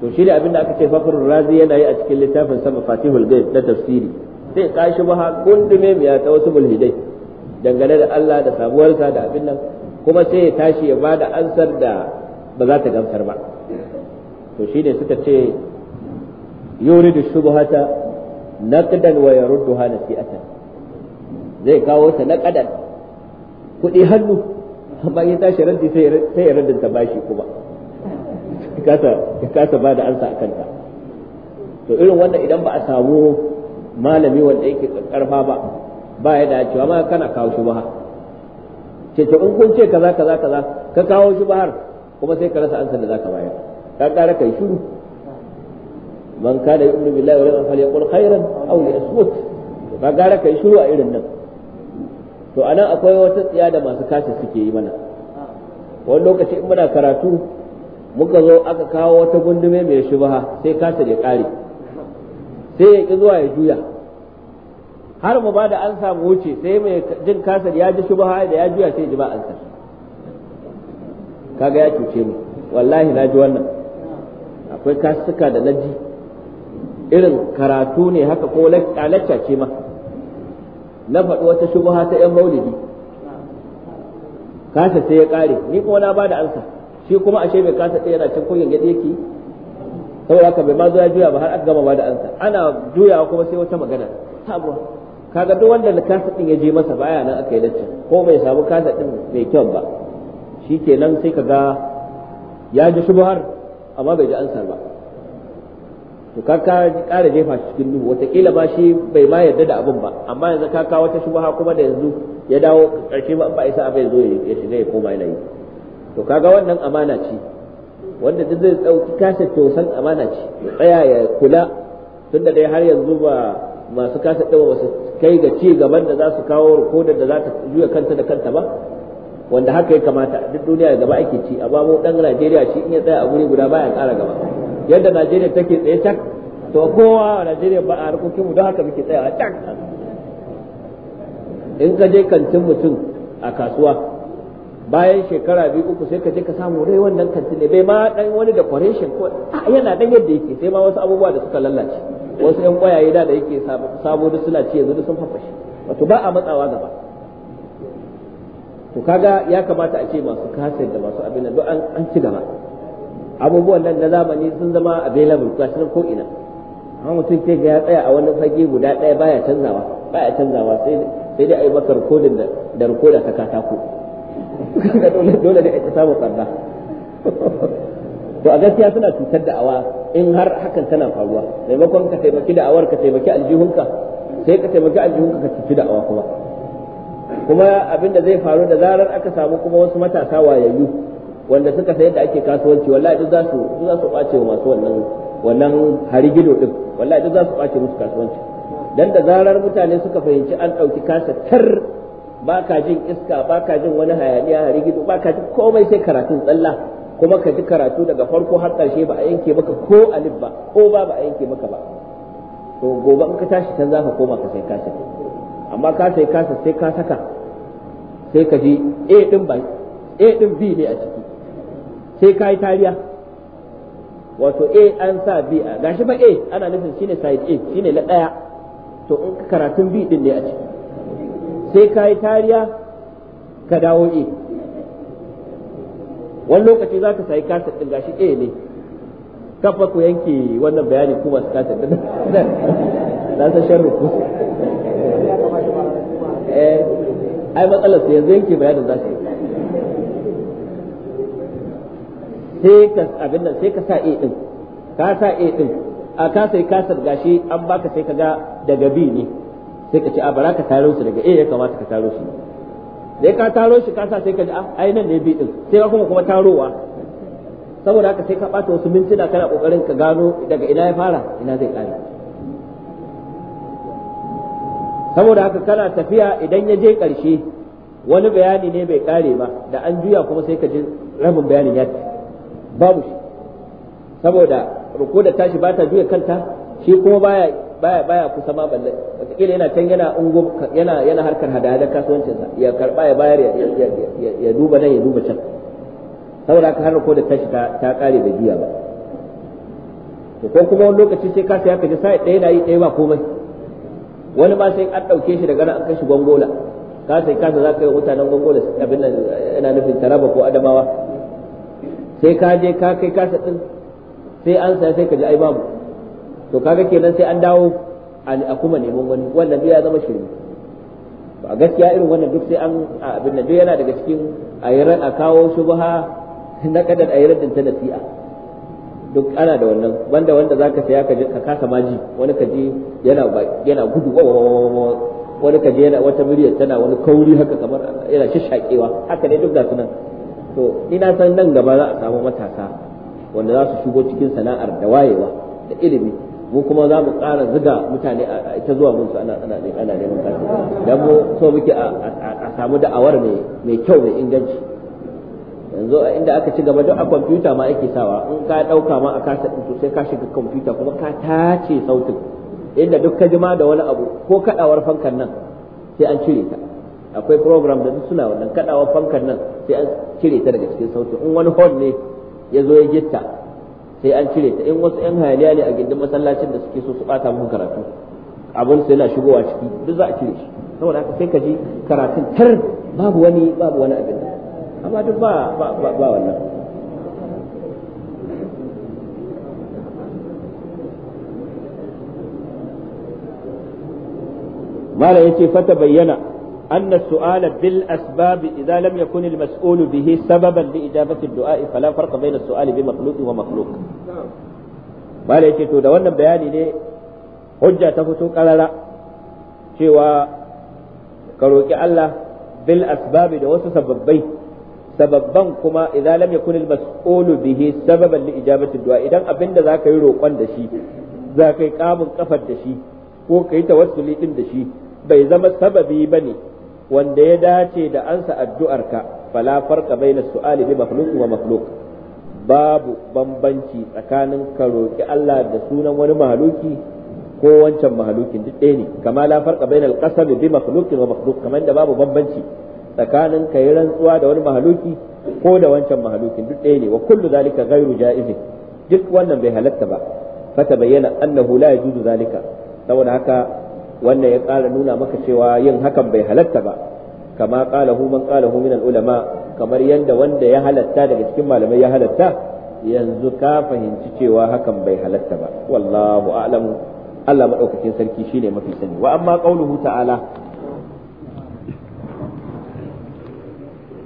to shi da abin da aka ce fakhru razi yana yi a cikin littafin sa mafatihul ghaib na tafsiri sai ka shi ba gundume mai ta wasu mulhidai dangane da Allah da sabuwarsa da abin nan kuma sai ya tashi ya bada ansar da ba za ta gamsar ba to shi ne suka ce yuridu shubhata naqdan wa yarudduha nasi'atan zai kawo ta na kadan kudi hannu amma ya tashi raddi sai ya raddanta bashi kuma ka kasa ba da ansa a kanta to irin wanda idan ba a samu malami wanda yake karfa ba ba ya da cewa ma kana kawo shi ce ce in kun ce kaza kaza kaza ka kawo shi shubhar kuma sai ka rasa ansa da zaka bayar ka kara kai shiru man kana yu'minu billahi wa yawmil akhir yaqul khairan aw yasmut ka kara kai shiru a irin nan to anan akwai wata tsiya da masu kasa suke yi mana wani lokaci in muna karatu muka zo aka kawo wata gundume mai shubha sai kasa ya kare sai ya ki zuwa ya juya har mu ba da an samu wuce sai mai jin kasar ya ji shubha da ya juya sai ji ba an kaga ya cuce mu wallahi na ji wannan akwai kasuka da naji irin karatu ne haka ko lacca ce ma na faɗi wata shubha ta yan maulidi kasa sai ya kare ni kuma na ba da ansa shi kuma ashe bai kasa tsaye yana cin koyin gadi yake saboda haka bai ma zo ya juya ba har aka gama ba da ansa ana juyawa kuma sai wata magana sabuwa kaga duk wanda kasa din ya je masa baya nan aka yi lacci ko bai samu kasa din mai kyau ba nan sai kaga ya ji shubhar amma bai ji ansar ba to ka ƙara jefa shi cikin duhu wataƙila ba shi bai ma yarda da abun ba amma yanzu kaka wata shubha kuma da yanzu ya dawo ƙarshe ba ba isa abin zo ya shiga ya koma yana yi to kaga wannan amana ce wanda duk zai tsauki kasa tosan amana ce ya tsaya ya kula tunda dai har yanzu ba masu kasa ba wasu kai ga ci gaban da za su kawo rikodar da za ta juya kanta da kanta ba wanda haka ya kamata duk duniya gaba ake ci a babu dan Najeriya shi in ya tsaya a guri guda baya ƙara gaba yadda Najeriya take tsaye tak to kowa a Najeriya ba a harkokin mu don haka muke tsaya tak in ka je kantin mutum a kasuwa bayan shekara biyu uku sai ka je ka samu rai wannan kantin ne bai ma dan wani decoration ko yana dan yadda yake sai ma wasu abubuwa da suka lalace wasu yan kwayaye da da yake sabo da suna ci yanzu sun fafashe wato ba a matsawa gaba to kaga ya kamata a ce masu kasir da masu abin nan an ci gaba abubuwan nan na zamani sun zama available gashi nan ko ina amma mutum ke ga ya tsaya a wani fage guda ɗaya baya canzawa baya canzawa sai sai dai ayi yi maka rikodin da rikoda ta katako dole ne a ta to a gaskiya suna cutar da awa in har hakan tana faruwa maimakon ka taimaki da awar ka taimaki aljihunka sai ka taimaki aljihunka ka cuci da awa kuma kuma abin da zai faru da zarar aka samu kuma wasu matasa wayayyu wanda suka sai da ake kasuwanci wallahi duk za su duk za su bace wa masu wannan wannan harigido din wallahi duk za su bace musu kasuwanci dan da zarar mutane suka fahimci an dauki kasa tar ba ka jin iska ba ka jin wani hayaniya rigido ba ka jin komai sai karatun tsalla kuma ka ji karatu daga farko har ƙarshe ba a yanke maka ko alif ba ko ba ba a yanke maka ba to gobe in ka tashi can za ka koma ka sai kasa amma ka sai kasa sai ka saka sai ka ji a din ba a din b ne a ciki sai ka yi tariya wato A an sa B a gashi ba A ana nufin shine side A shine na daya to in karatun B din ne a ciki sai ka yi tariya ka dawo e wani lokaci za ka sayi kasar ɗin gashi e ne kafa ku yanke wannan bayani kuma su kasar ɗin na san shan ku eh ai matsalar su yanzu yanke bayanin za su sai ka abin nan sai ka sa e ɗin, ka sa e ɗin, a ka sai kasar gashi an baka sai ka ga daga bi ne sai ka ce a bara ka taro su daga eh ya kamata ka taro shi dai ka taro shi kasa sai ka ji ai nan ne bi sai ka kuma kuma tarowa saboda haka sai ka bata wasu mintuna kana kokarin ka gano daga ina ya fara ina zai kare saboda haka kana tafiya idan ya je karshe wani bayani ne bai kare ba da an juya kuma sai ka ji rabin bayanin ya babu shi saboda ruku da tashi ba ta juya kanta shi kuma baya baya baya kusa ma balle wataƙila yana can yana ungo yana yana harkar kasuwancin kasuwancinsa ya karba ya bayar ya duba nan ya duba can saboda haka har ko da tashi ta kare da biya ba to ko kuma wani lokaci sai ka sai ka ji sai ɗaya na yi ɗaya ba komai wani ma sai an ɗauke shi daga nan an kai shi gongola ka sai ka za ka yi mutanen gongola abin nan yana nufin taraba ko adamawa sai ka je ka kai kasa ɗin sai an saya sai ka ji ai babu to kaga kenan sai an dawo a kuma neman wani wannan duk ya zama to a gaskiya irin wannan duk sai an abin nan duk yana daga cikin ayyaran a kawo shubha na kadar ayyaran ta nasi'a duk ana da wannan banda wanda zaka saya ka ka kasa maji wani kaje yana yana gudu wani kaje yana wata murya tana wani kauri haka kamar yana shishakewa haka ne duk ga sunan to ni san nan gaba za a samu matasa wanda za su shigo cikin sana'ar da wayewa da ilimi mu kuma za mu ƙara ziga mutane ita zuwa mun su ana ana ana neman karfi dan mu so muke a samu da'awar mai mai kyau mai inganci yanzu inda aka ci gaba duk a kwamfuta ma ake sawa in ka ɗauka ma a kasa ɗin sai ka shiga kwamfuta kuma ka tace sautin inda duk ka jima da wani abu ko kaɗawar fankan nan sai an cire ta akwai program da duk suna wannan kaɗawar fankan nan sai an cire ta daga cikin sautin in wani hon ne ya zo ya gitta sai an cire ta in wasu yan hayaniya ne a gindin masallacin da suke so su bata mun karatu abin sai na shigowa ciki duk za a cire shi saboda haka sai ka ji karatun tar babu wani babu wani abin amma duk ba ba ba wannan mala yace fata bayyana أن السؤال بالأسباب إذا لم يكن المسؤول به سببا لإجابة الدعاء فلا فرق بين السؤال بمخلوق ومخلوق ما ليش تودا وانا بياني لي حجة تفتو قال لا شوى كروكي الله بالأسباب ده سببين sababban kuma idza lam yakun al mas'ulu bihi sababan li ijabati du'a idan abinda zaka yi roƙon da shi zaka yi kamun kafar da shi ko kai tawassuli din da shi bai zama sababi bane wanda ya dace da ansa addu'arka fala farqa baina su'ali bi makhluq wa makhluq babu bambanci tsakanin ka roki Allah da sunan wani mahaluki ko wancan mahalukin duk ɗaya ne kama la farka baina al-qasam bi makhluq wa makhluq kamar da babu bambanci tsakanin ka yi rantsuwa da wani mahaluki ko da wancan mahalukin duk ɗaya ne wa kullu zalika ghairu ja'iz duk wannan bai halatta ba fata bayyana annahu la yajuzu zalika saboda haka wannan ya ƙara nuna maka cewa yin hakan bai halatta ba kama ƙala hu man ƙala hu minal ulama kamar yanda wanda ya halatta daga cikin malamai ya halatta yanzu ka fahimci cewa hakan bai halatta ba wallahu a'lamu Allah madaukakin sarki shine mafi sani wa amma qauluhu ta'ala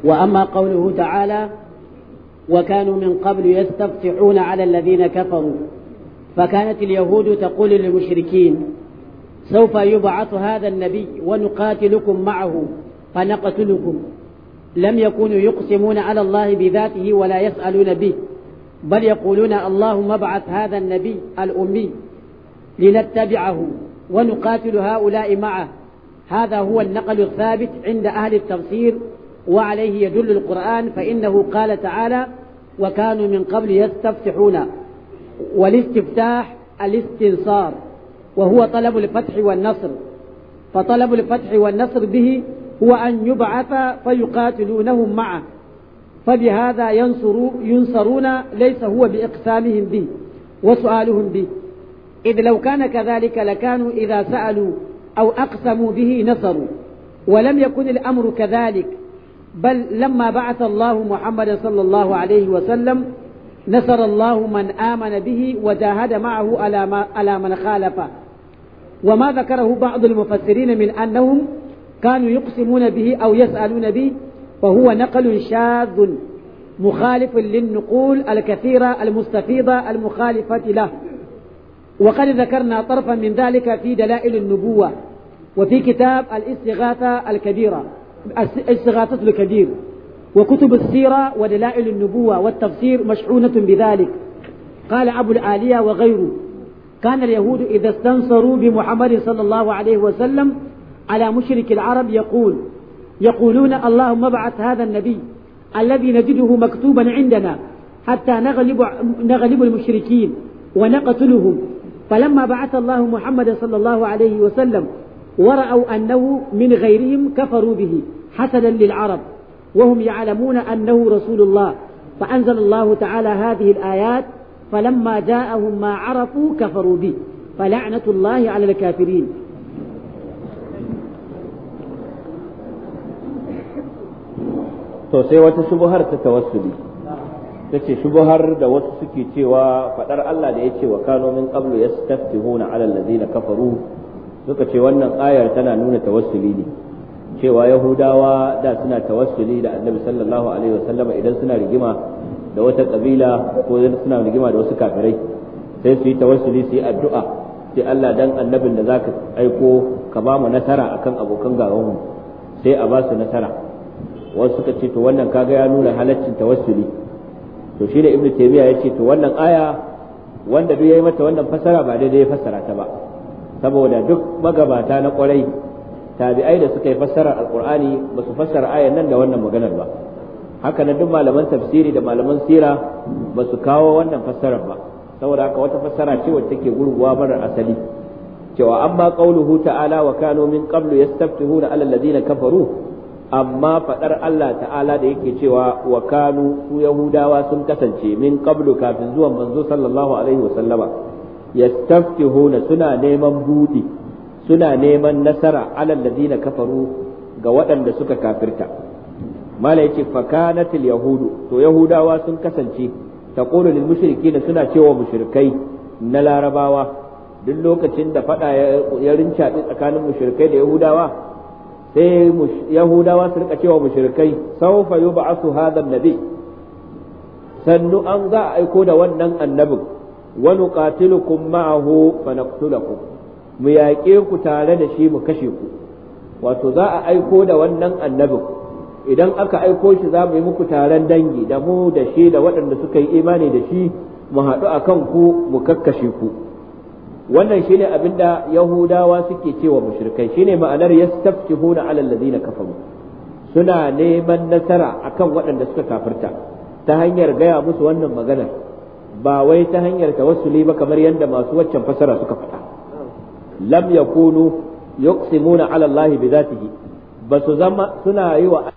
wa amma qauluhu ta'ala wa kanu min qablu yastafti'una 'ala alladhina kafaru فكانت اليهود تقول للمشركين سوف يبعث هذا النبي ونقاتلكم معه فنقتلكم لم يكونوا يقسمون على الله بذاته ولا يسألون به بل يقولون اللهم ابعث هذا النبي الأمي لنتبعه ونقاتل هؤلاء معه هذا هو النقل الثابت عند أهل التفسير وعليه يدل القرآن فإنه قال تعالى وكانوا من قبل يستفتحون والاستفتاح الاستنصار وهو طلب الفتح والنصر فطلب الفتح والنصر به هو أن يبعث فيقاتلونهم معه فبهذا ينصروا ينصرون ليس هو بإقسامهم به وسؤالهم به إذ لو كان كذلك لكانوا إذا سألوا أو أقسموا به نصروا ولم يكن الأمر كذلك بل لما بعث الله محمد صلى الله عليه وسلم نصر الله من آمن به وجاهد معه على من خالفه وما ذكره بعض المفسرين من أنهم كانوا يقسمون به أو يسألون به فهو نقل شاذ مخالف للنقول الكثيرة المستفيضة المخالفة له وقد ذكرنا طرفا من ذلك في دلائل النبوة وفي كتاب الاستغاثة الكبيرة استغاثة الكبير وكتب السيرة ودلائل النبوة والتفسير مشحونة بذلك قال أبو العالية وغيره كان اليهود إذا استنصروا بمحمد صلى الله عليه وسلم على مشرك العرب يقول يقولون اللهم ابعث هذا النبي الذي نجده مكتوبا عندنا حتى نغلب, نغلب المشركين ونقتلهم فلما بعث الله محمد صلى الله عليه وسلم ورأوا أنه من غيرهم كفروا به حسدا للعرب وهم يعلمون أنه رسول الله فأنزل الله تعالى هذه الآيات فلما جاءهم ما عرفوا كفروا به فلعنة الله على الكافرين to wata shubuhar ta tawassuli ta ce shubuhar da wasu suke cewa fadar Allah da ya ce wa kano min qablu yastaftihuna ala allazina kafaru suka ce wannan ayar tana nuna tawassuli ne cewa yahudawa da suna tawassuli da annabi sallallahu alaihi wasallama idan suna rigima da wata kabila ko suna rigima da wasu kafirai sai su yi tawassuli su yi addu'a sai Allah dan annabin da zaka aiko ka ba mu nasara akan abokan gaban mu sai a ba su nasara wasu suka ce to wannan kaga ya nuna halaccin tawassuli to shi da ibnu taymiya ya ce to wannan aya wanda duk yayi mata wannan fasara ba daidai ya fassara ta ba saboda duk magabata na kwarai tabi'ai da suka yi fassarar alqur'ani ba su fassara ayan nan da wannan maganar ba haka na duk malaman tafsiri da malaman sira ba su kawo wannan fassarar ba saboda haka wata fassara ce wacce take gurguwa mara asali cewa amma qauluhu ta'ala wa kanu min qablu yastaftihuna 'ala alladhina kafaru amma fadar Allah ta'ala da yake cewa wa kanu su yahudawa sun kasance min qablu kafin zuwan manzo sallallahu alaihi wa sallama yastaftihuna suna neman budi suna neman nasara 'ala alladhina kafaru ga waɗanda suka kafirta mala yake fakanatil yahudu to yahudawa sun kasance ta taqulu lil mushrikin suna cewa mushrikai na larabawa duk lokacin da fada ya rinca tsakanin mushrikai da yahudawa sai yahudawa su rika cewa mushrikai sawfa yub'asu hadha nabi sannu an za a aiko da wannan annabin wa nuqatilukum ma'ahu fa naqtulukum mu yaƙe ku tare da shi mu kashe ku wato za a aiko da wannan annabin idan aka aiko shi za mu yi muku taron dangi da mu da shi da waɗanda suka yi imani da shi mu haɗu a kan ku mu kakkashe ku wannan shine abin da yahudawa suke cewa mushrikai shine ma'anar yastaftihuna ala alladhina kafaru suna neman nasara akan waɗanda suka kafarta ta hanyar gaya musu wannan maganar ba wai ta hanyar tawassuli ba kamar yadda masu waccan fasara suka faɗa lam yakunu yuqsimuna ala allahi bi zatihi ba su zama suna yi wa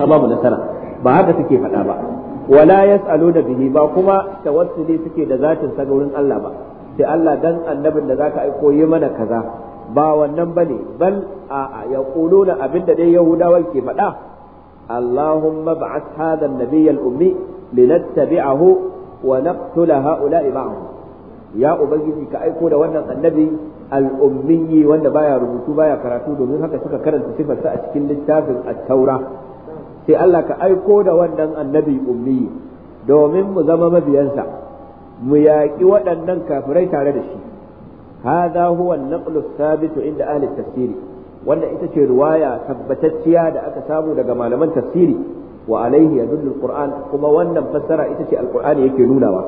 ka ba nasara ba haka suke faɗa ba wala da bihi ba kuma tawassuli suke da zatin sa gurin Allah ba sai Allah dan annabin da zaka aiko yi mana kaza ba wannan bane bal a yaquluna abinda dai yahudawa ke faɗa Allahumma ba'ath hadha an-nabiy al-ummi linattabi'ahu wa naqtula ha'ula'i ma'ahu ya ubangiji ka aiko da wannan annabi al-ummi wanda baya rubutu baya karatu domin haka suka karanta sifarsa a cikin littafin at-taura Sai Allah ka aiko da wannan annabi ummi domin mu zama mabiyansa mu yaƙi waɗannan kafirai tare da shi hadha huwa an-naqlu thabitu inda ahli tafsiri wanda ita ce riwaya tabbatacciya da aka samu daga malaman tafsiri wa alaihi yadullu al-qur'an kuma wannan fassara ita ce al-qur'ani yake nunawa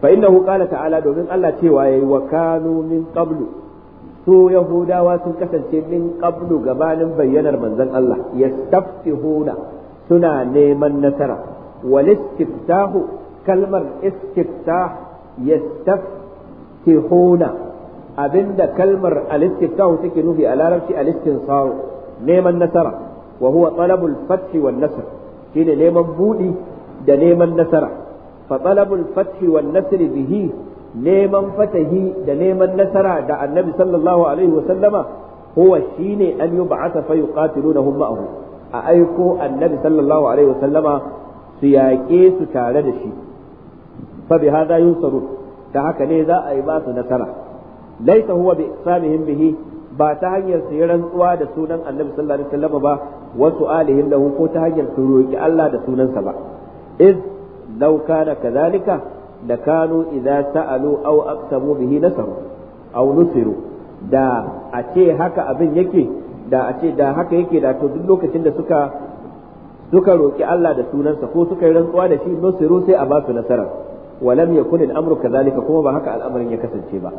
fa innahu qala ta'ala domin Allah cewa yayi wa kanu min qablu su yahudawa sun kasance min qablu gabanin bayyanar manzon Allah yastaftihuna suna neman nasara wal istiftahu kalmar istiftah yastaftihuna abinda kalmar al istiftahu take nufi a larabci al istinsaru neman nasara wa huwa talabul fathi wan nasr shine neman budi da neman nasara fa talabul fathi wan nasr bihi neman fatahi da neman nasara da annabi sallallahu alaihi wa sallama huwa shine an yub'atha fa yuqatilunahum ma'ahu a aiko annabi sallallahu alaihi wasallama su yaƙe su tare da shi fa bi hadha yunsaru ta haka ne za a yi ba su nasara laisa huwa bi bihi ba ta hanyar su yi rantsuwa da sunan annabi sallallahu alaihi wasallama ba wa su'alihim lahu ko ta hanyar su roki Allah da sunansa ba iz law kana kadhalika da kanu idza sa'alu aw aqsamu bihi nasaru aw nusiru da a ce haka abin yake da a ce da haka yake da to duk lokacin da suka suka roki Allah da sunansa ko suka yi rantsuwa da shi nusiru sai a ba su nasara walam yakun al-amru kadhalika kuma ba haka al'amarin ya kasance ba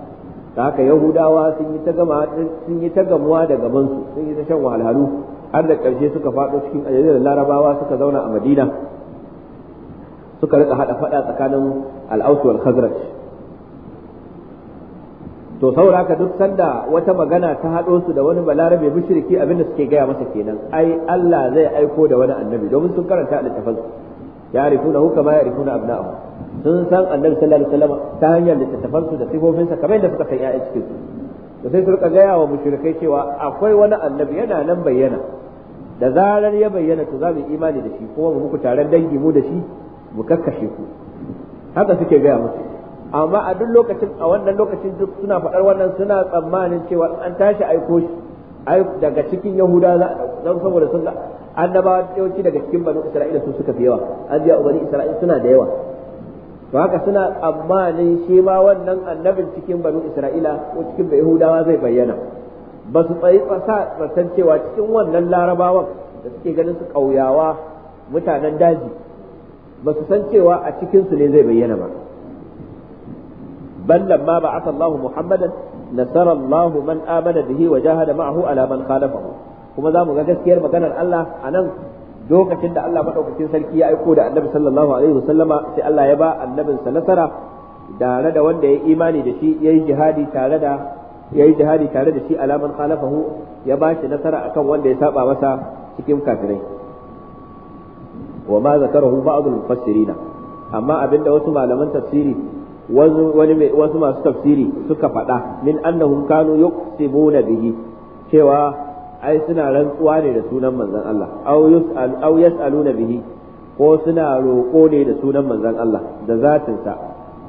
da haka yahudawa sun yi ta gama sun yi ta gamuwa da gaban su sun yi ta shan wahalhalu har da karshe suka faɗo cikin ajiyar larabawa suka zauna a madina suka rika hada fada tsakanin al-aus wal khazraj to saboda haka duk sanda wata magana ta haɗo su da wani balarabe mushriki da suke gaya masa kenan ai Allah zai aiko da wani annabi domin sun karanta a littafin ya na hu kama ya na abna'ahu sun san annabi sallallahu alaihi wasallam ta hanyar littattafansu su da sa kamar yadda suka san ƴaƴa cikin su to sai su rika gaya wa mushrikai cewa akwai wani annabi yana nan bayyana da zarar ya bayyana to za mu imani da shi kuma mu muku taron dangi mu da shi mu kakkashe ku haka suke gaya musu amma a duk lokacin a wannan lokacin duk suna faɗar wannan suna tsammanin cewa an tashi aiko shi daga cikin yahuda za a dan saboda sun ga annabawa yawanci daga cikin banu isra'ila su suka fi yawa an biya ubani isra'ila suna da yawa to haka suna tsammanin shi ma wannan annabin cikin banu isra'ila ko cikin ba'i yahudawa zai bayyana ba su tsayi tsasa tsasan cewa cikin wannan larabawan da suke ganin su ƙauyawa mutanen daji ba su san cewa a cikinsu ne zai bayyana ba بل لما بعث الله محمدا نصر الله من آمن wa وجاهد معه على من خالفه kuma za mu ga gaskiyar maganar Allah a nan lokacin da Allah maɗaukacin sarki ya aiko da annabi sallallahu alaihi wasallama sai Allah ya ba annabinsa nasara tare da wanda ya imani da shi ya yi jihadi tare da ya yi jihadi shi alaman khalafahu ya ba shi nasara akan wanda ya saba masa cikin kafirai wa ma zakarahu ba'd al-mufassirina amma abinda wasu malaman tafsiri wasu masu tafsiri suka faɗa min annahum kanu yuqsimuna bihi cewa ai suna rantsuwa ne da sunan manzon Allah aw yus'al aw yas'aluna bihi ko suna roƙo ne da sunan manzon Allah da zatinsa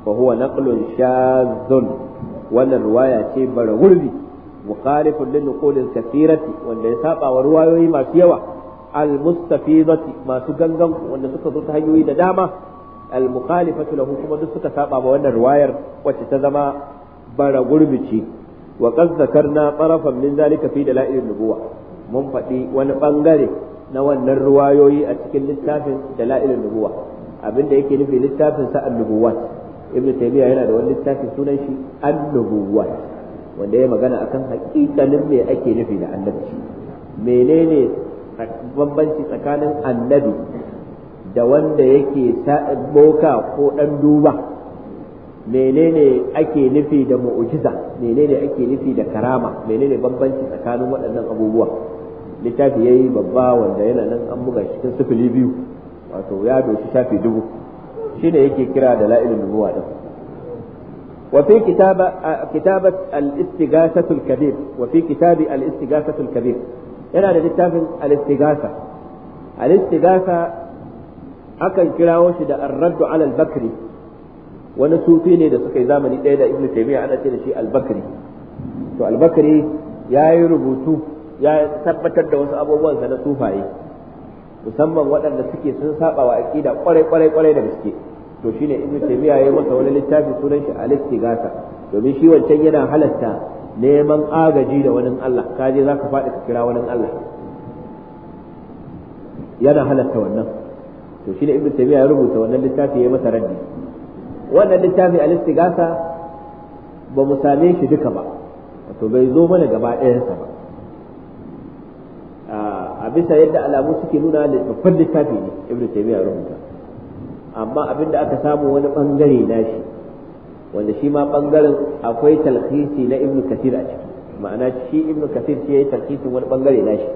fa huwa naqlun shadhun wannan riwaya ce bara gurbi mukhalifun lin nuqulin kathirati wanda ya saba wa ruwayoyi masu yawa al mustafidati masu gangan wanda suka zo ta hanyoyi da dama al-mukhalifatu lahu kuma duk suka saba ma wannan riwayar wacce ta zama bara gurbici wa qad zakarna tarafan min zalika fi dalailin nubuwa mun faɗi wani bangare na wannan riwayoyi a cikin littafin dalailin nubuwa abinda yake nufi littafin sa an-nubuwat ibn taymiya yana da wani littafin sunan shi an-nubuwat wanda ya magana akan hakikanin me ake nufi da annabci menene bambanci tsakanin annabi da wanda yake boka ko ɗan duba menene ake nufi da mu'jiza menene ake nufi da karama menene bambanci tsakanin waɗannan abubuwa littafi ya yi babba wanda yana nan an buga shi cikin sufuri biyu wato ya doshi shafi dubu shi ne yake kira da la'ilin nubuwa ɗin وفي كتابة, كتابة الاستغاثة الكبير وفي كتاب الاستغاثة الكبير هنا للتافه الاستغاثة الاستغاثة akan kirawo shi da ar-raddu ala al-bakri wani sufi ne da suka yi zamani ɗaya da ibnu taymiya ana ce da shi al-bakri to al-bakri yayi rubutu ya tabbatar da wasu abubuwan sa na sufaye musamman waɗanda suke sun saba wa aqida kwarai kwarai kwarai da suke to shine ibnu taymiya yayi masa wani littafi sunan shi al-istighatha domin shi wancan yana halatta neman agaji da wani Allah kaje zaka faɗi ka kira wani Allah yana halatta wannan to shi ne ibnu taymiya ya rubuta wannan littafi ya masa raddi wannan littafi al istighatha ba mu same shi duka ba to bai zo mana gaba ɗayansa ba a bisa yadda alamu suke nuna babban littafi ne ibnu taymiya ya rubuta amma abinda aka samu wani bangare na shi wanda shi ma bangaren akwai talhisi na ibnu kathir a ciki ma'ana shi ibnu kathir shi yayi talhisin wani bangare na shi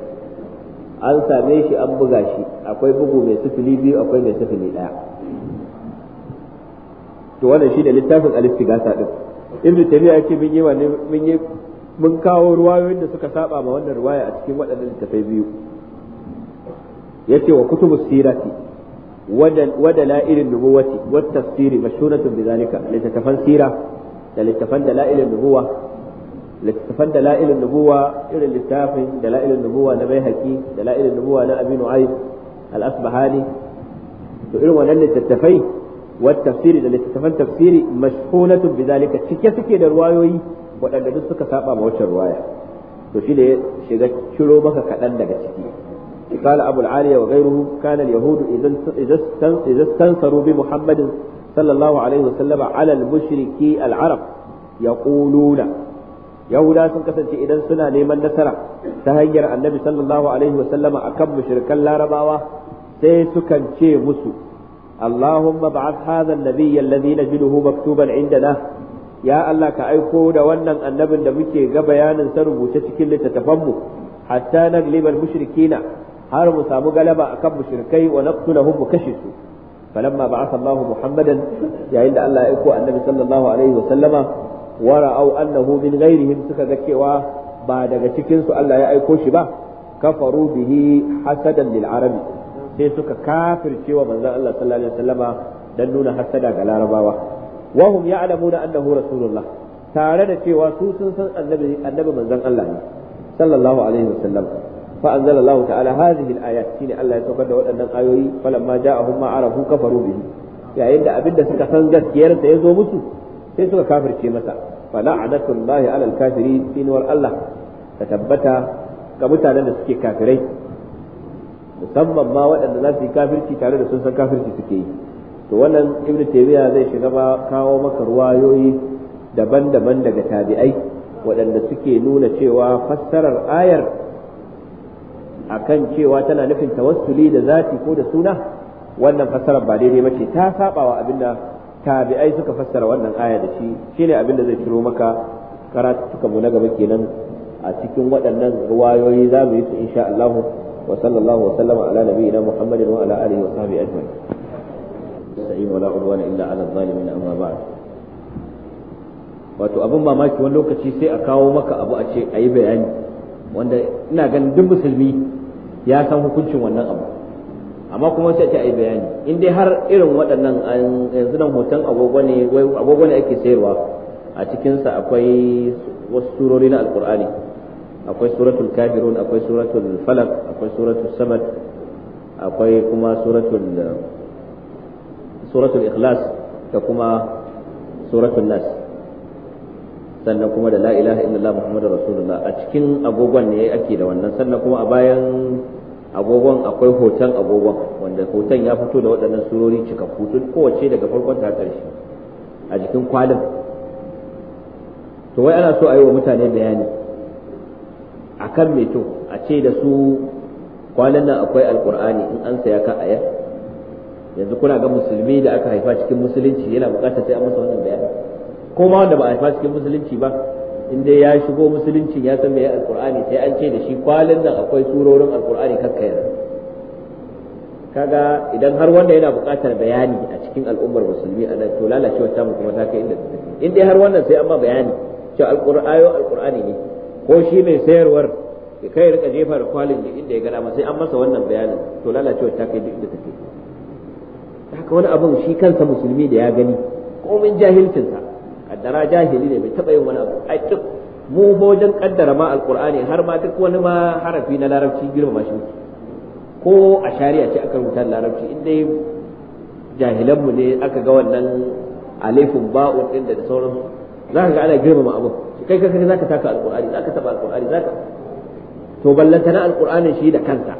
an same shi an buga shi akwai bugu mai sifili biyu akwai mai sifili ɗaya to wannan shi da littafin alistigasa din ibnu taymiya yace mun mun yi mun kawo ruwayoyin da suka saba ma wannan ruwaya a cikin waɗannan littafai biyu yace wa kutubus sirati wa dalailin nubuwati wa tafsiri mashhuratun Bizanika, littafan sira da littafan la'irin nubuwa Littattafan littafan dala'ilin nubuwa irin littafin da dala'ilin nubuwa na bai baihaqi dala'ilin nubuwa na abinu aid al-asbahani to irin wannan littattafai wata tafsiri da littattafan tafsiri mashhunatun bidalika cike suke da ruwayoyi waɗanda duk suka saba ma wacce ruwaya to shi ne shiga ciro maka kaɗan daga ciki قال أبو العالية وغيره كان اليهود إذا استنصروا بمحمد صلى الله عليه وسلم على المشركي العرب يقولون yahuda sun kasance idan suna neman nasara ta hanyar annabi sallallahu alaihi wasallama akan mushrikan larabawa sai sukan ce musu allahumma ba'ath hadha an-nabiyya alladhi najiduhu maktuban indana ya Allah ka aiko da wannan annabin da muke ga bayanin sa rubuce cikin littattafanmu hatta nagliba al-mushrikina har mu samu galaba akan mushrikai wa naqtulahum mu kashe su falamma ba'atha Allahu Muhammadan yayin da Allah ya aiko annabi sallallahu alaihi wasallama wa ra'aw annahu min ghairihim suka ga cewa ba daga cikin su Allah ya aiko shi ba kafaru bihi hasadan lil sai suka kafircewa manzon Allah sallallahu alaihi wasallama dan nuna hasada ga larabawa wa hum ya'lamuna annahu rasulullah tare da cewa su sun san annabi annabi manzon Allah ne sallallahu alaihi wasallam fa anzala Allah ta'ala hadhihi al-ayat Allah ya saukar da waɗannan ayoyi falamma ja'ahum ma kafaru bihi yayin da suka san gaskiyar ya zo musu sai suka kafirce masa fala'anatullahi alal kafiri sinuwar Allah ta tabbata ga mutanen da suke kafirai musamman ma waɗanda za su yi kafirci tare da sun san kafirci suke yi to wannan ibn taymiya zai shiga ba kawo maka ruwayoyi daban-daban daga tabi'ai waɗanda suke nuna cewa fassarar ayar akan cewa tana nufin tawassuli da zati ko da suna wannan fassarar ba daidai ba ce ta saɓawa abinda tabi'ai suka fassara wannan aya da shi shine abin da zai ciro maka karatuka mu na gaba kenan a cikin waɗannan ruwayoyi za mu yi su insha Allah wa sallallahu wa sallama ala nabiyina Muhammadin wa ala alihi wa sahbihi ajma'in sa'in wala udwana illa ala zalimin amma ba'd wato abin mamaki wani lokaci sai a kawo maka abu a ce ayi bayani wanda ina ganin duk musulmi ya san hukuncin wannan abu amma kuma sai ta yi bayani in dai har irin waɗannan yanzu nan hoton agogo ne wai agogo ne ake sayarwa a cikinsa akwai wasu surori na alqur'ani akwai suratul kafirun akwai suratul falak akwai suratul samad akwai kuma suratul suratul ikhlas da kuma suratul nas sannan kuma da la ilaha illallah muhammadur rasulullah a cikin agogon ne ake da wannan sannan kuma a bayan agogon akwai hoton agogon wanda hoton ya fito da waɗannan surori cikakku sun kowace daga farkon ta ƙarshe a jikin kwalin to wai ana so a yi wa mutane bayani a kan meto a ce da su kwanan nan akwai alƙur'ani in an saya ka aya yanzu kuna ga musulmi da aka haifa cikin musulunci yana buƙatar sai an masa wannan bayani ko ma wanda ba a haifa cikin musulunci ba in dai ya shigo musulunci ya san meye alkur'ani sai an ce da shi kwalin nan akwai surorin alqur'ani kakkaya kaga idan har wanda yana buƙatar bayani a cikin al'ummar musulmi a nan to lalacewa ta kuma ta kai inda in dai har wannan sai an ma bayani cewa alqur'ayo alkur'ani ne ko shi mai sayarwar ya kai rika jefa da kwalin ne inda ya gada ma sai an masa wannan bayanin to lalacewa ta kai duk inda take haka wani abun shi kansa musulmi da ya gani komin jahilcinsa kaddara jahili ne bai taba yin wani abu ai duk mu hojan kaddara ma alqur'ani har ma duk wani ma harafi na larabci ma shi ko a shari'a ce aka rubuta larabci in dai jahilan mu ne aka ga wannan alifun ba'un din da sauran zaka ga ana girma ma abu kai kai kai zaka taka alqur'ani zaka taba alqur'ani zaka to ballanta na alqur'anin shi da kanta.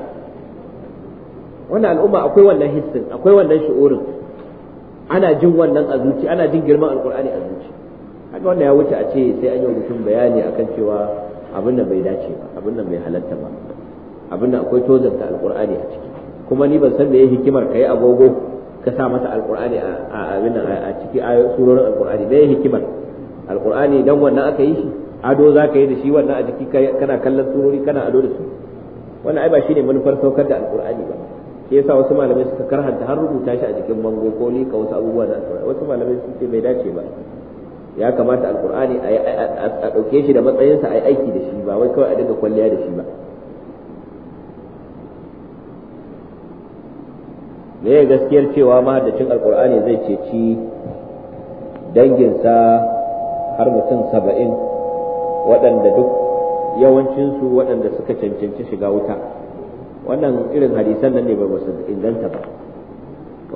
wannan al'umma akwai wannan hissin akwai wannan shi'urin ana jin wannan a zuci ana jin girman alkur'ani a zuci haka wanda ya wuce a ce sai an yi mutum bayani akan cewa abin da bai dace ba abin da bai halatta ba abin da akwai tozanta alqur'ani a ciki kuma ni ban san da yayi hikimar kai agogo ka sa masa alqur'ani a abin a ciki a surorin alqur'ani da yayi hikimar alqur'ani dan wannan aka yi shi ado za ka yi da shi wannan a jiki kana kallon surori kana ado da su wannan ai ba shine manufar saukar da alkur'ani ba shi yasa wasu malamai suka karhanta har rubuta shi a jikin bango ko ni ka wasu abubuwa da wasu malamai su ce bai dace ba ya kamata alkur'ani a ɗauke shi da matsayinsa a yi aiki da shi ba wai kawai a dinga kwalliya da shi ba me gaskiyar cewa mahaddacin alkur'ani zai ceci danginsa har mutum saba'in waɗanda duk yawancinsu waɗanda suka cancanci shiga wuta wannan irin hadisan nan ne ba su inganta ba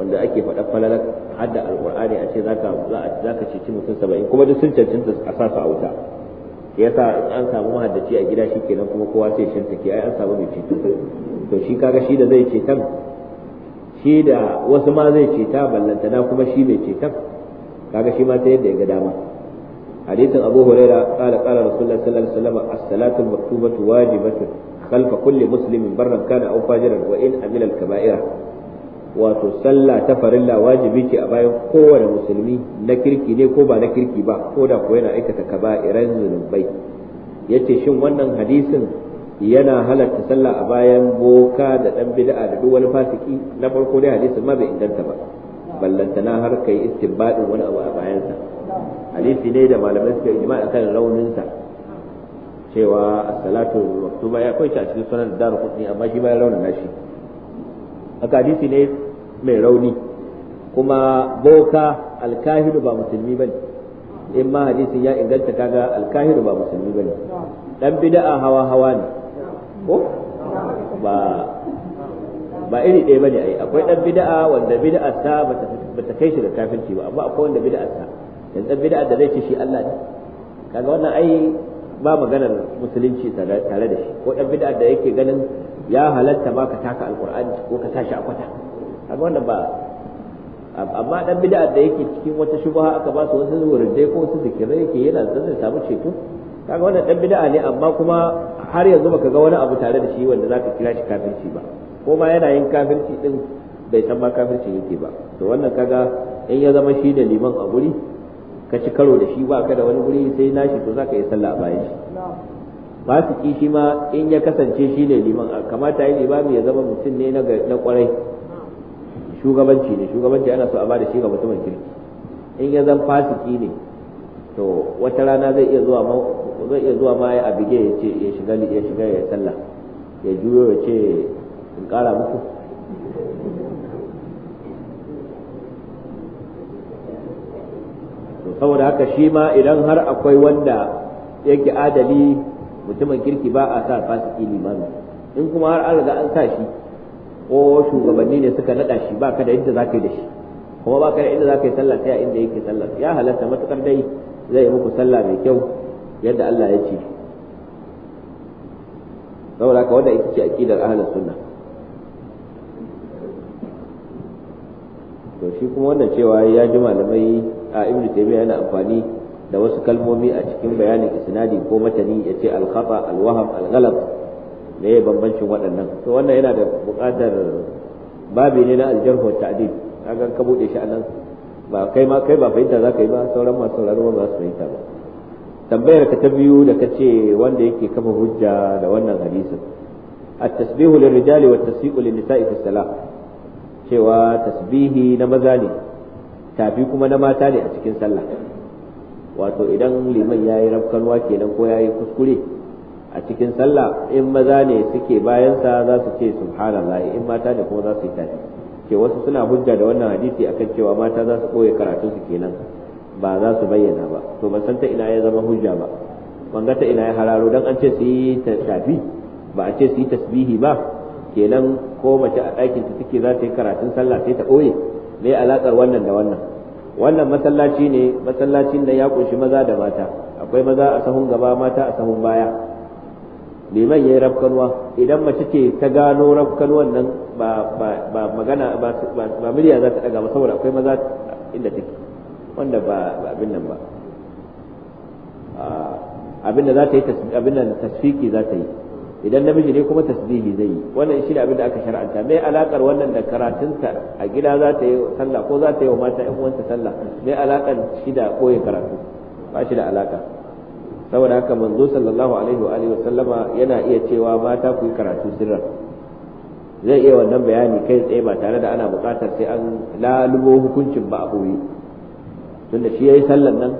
wanda ake faɗa falalar hadda alqur'ani a ce za ka ceci mutum saba'in kuma duk sun cancanta a sa su a wuta yasa in an samu mahaddaci a gida shikenan kuma kowa sai shin take ai an samu mai ceto to shi kaga shi da zai cetan shi da wasu ma zai ceta ballantana kuma shi mai cetan kaga shi ma ta yadda ya ga dama hadisin abu huraira qala qala rasulullahi sallallahu alaihi wasallam as-salatu maktubatu wajibatun خلف كل مسلم برا كان او فاجرا وان عمل الكبائر wato sallah ta farilla wajibi ce a bayan kowane musulmi na kirki ne ko ba na kirki ba ko da ko yana aikata kaba'iran zunubai yace shin wannan hadisin yana halarta sallah a bayan boka da dan bid'a da duk wani fasiki na farko dai hadisin ma bai inganta ba ballanta na har kai istibadin wani abu a bayansa hadisi ne da malamai suka ijma raunin sa. cewa as-salatu maktuba ya kai ta cikin sunan daru amma shi ba raunin nashi haka hadisi ne mai rauni kuma boka alkahiru ba musulmi bane in ma hadisin ya inganta kaga alkahiru ba musulmi bane dan bid'a hawa hawa ne ko ba ba iri ɗaya bane ai akwai dan bid'a wanda bid'ar sa bata kai shi ga kafirci ba amma akwai wanda bid'ar ta yanzu dan bid'a da zai ci shi Allah ne kaga wannan ai ba maganar musulunci tare da shi ko dan bid'a da yake ganin ya halatta ma ka taka alkur'ani ko ka tashi a kwata kaga wannan ba amma dan bid'a da yake cikin wata shubha aka ba su wasu wurdai ko wasu zikirai yake yana zai samu ceto kaga wannan dan bid'a ne amma kuma har yanzu baka ga wani abu tare da shi wanda zaka kira shi kafirci ba ko ma yana yin kafirci din bai san ma kafirci yake ba to wannan kaga in ya zama shi da liman a guri ka ci karo da shi ba ka da wani guri sai nashi to zaka yi sallah a bayan shi fasiki shi ma in ya kasance shi ne liman kamata yi limami ya zama mutum ne na kwarai shugabanci ne shugabanci ana so a bada shi ga mutumin kirki in ya zan fasiki ne to wata rana zai iya zuwa ma zai iya zuwa ma ya abige ya ce ya shiga ya shiga ya sallah ya juyo ya ce in kara muku saboda haka shi ma idan har akwai wanda yake adali mutumin kirki ba a sa fasiki limami in kuma har an riga an sa shi ko shugabanni ne suka nada shi ba ka da inda za ka yi da shi kuma ba ka da inda za ka yi sallah sai a inda yake sallah ya halatta matukar dai zai yi muku sallah mai kyau yadda Allah ya ce saboda ka wanda ita ce aqidar ahlus sunna to shi kuma wannan cewa ya ji malamai a ibnu taymiya yana amfani da wasu kalmomi a cikin bayanin isnadi ko matani ya ce alkhata alwaham alghalab me ya bambancin waɗannan to wannan yana da buƙatar babi ne na aljarh wa ta'dil kaga ka bude shi anan ba kai ma kai ba fahimta za ka yi ba sauran masu sauraro ba su fahimta ba tambayar ka ta biyu da ka ce wanda yake kafa hujja da wannan hadisin at-tasbihu lirrijali wa at-tasfiqu lin-nisa'i fi cewa tasbihi na maza ne tafi kuma na mata ne a cikin sallah wato idan liman ya yi rafkanwa kenan ko ya yi kuskure a cikin sallah in maza ne suke bayansa za su ce subhanallah in mata ne kuma za su yi tafi ke wasu suna hujja da wannan hadisi akan cewa mata za su ɓoye karatunsu kenan ba za su bayyana ba to ban san ta ina ya zama hujja ba ban ga ta ina ya hararo dan an ce su yi tafi ba a ce su yi tasbihi ba kenan ko mace a ɗakin ta take za ta yi karatun sallah sai ta ɓoye me alakar wannan da wannan wannan masallaci ne masallacin da ya kunshi maza da mata akwai maza a sahun gaba mata a sahun baya liman yi rafkanuwa idan mace ce ta gano rafkanuwan nan ba ba magana ba ba miliya za ta daga ba saboda akwai maza inda take wanda ba abin nan ba ah, abin da za ta yi abin nan tasfiki za ta yi idan namiji ne kuma tasbihi zai yi wannan shi ne abin da aka shar'anta mai alakar wannan da karatunta a gida za ta yi sallah ko za ta yi wa mata ƴan uwanta sallah mai alakar shi da koyi karatu ba shi da alaka saboda haka manzo sallallahu alaihi wa alihi sallama yana iya cewa mata ku yi karatu sirra zai iya wannan bayani kai tsaye ba tare da ana buƙatar sai an lalubo hukuncin ba a tunda shi yayi sallan nan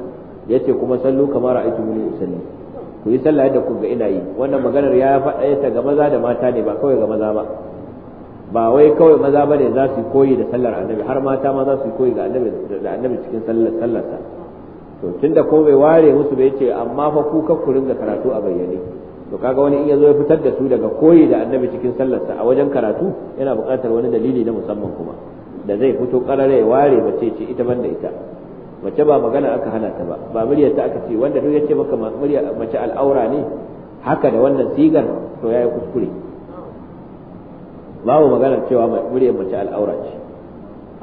yace kuma sallu kamar ra'aytu muni usalli ku yi sallah yadda ku ga ina yi wannan maganar ya faɗa ta ga maza da mata ne ba kawai ga maza ba ba wai kawai maza bane za su koyi da sallar annabi har mata ma za su koyi ga annabi da annabi cikin sallar sallarsa to tunda ko bai ware musu bai ce amma fa ku ku ringa karatu a bayyane to kaga wani in ya zo ya fitar da su daga koyi da annabi cikin sallarsa a wajen karatu yana buƙatar wani dalili na musamman kuma da zai fito ƙarare ya ware mace ce ita banda ita mace ba magana aka hana ta ba ba muryar ta aka ce wanda duk yace maka murya mace al'aura ne haka da wannan sigar to yayi kuskure babu magana cewa muryar mace al'aura ce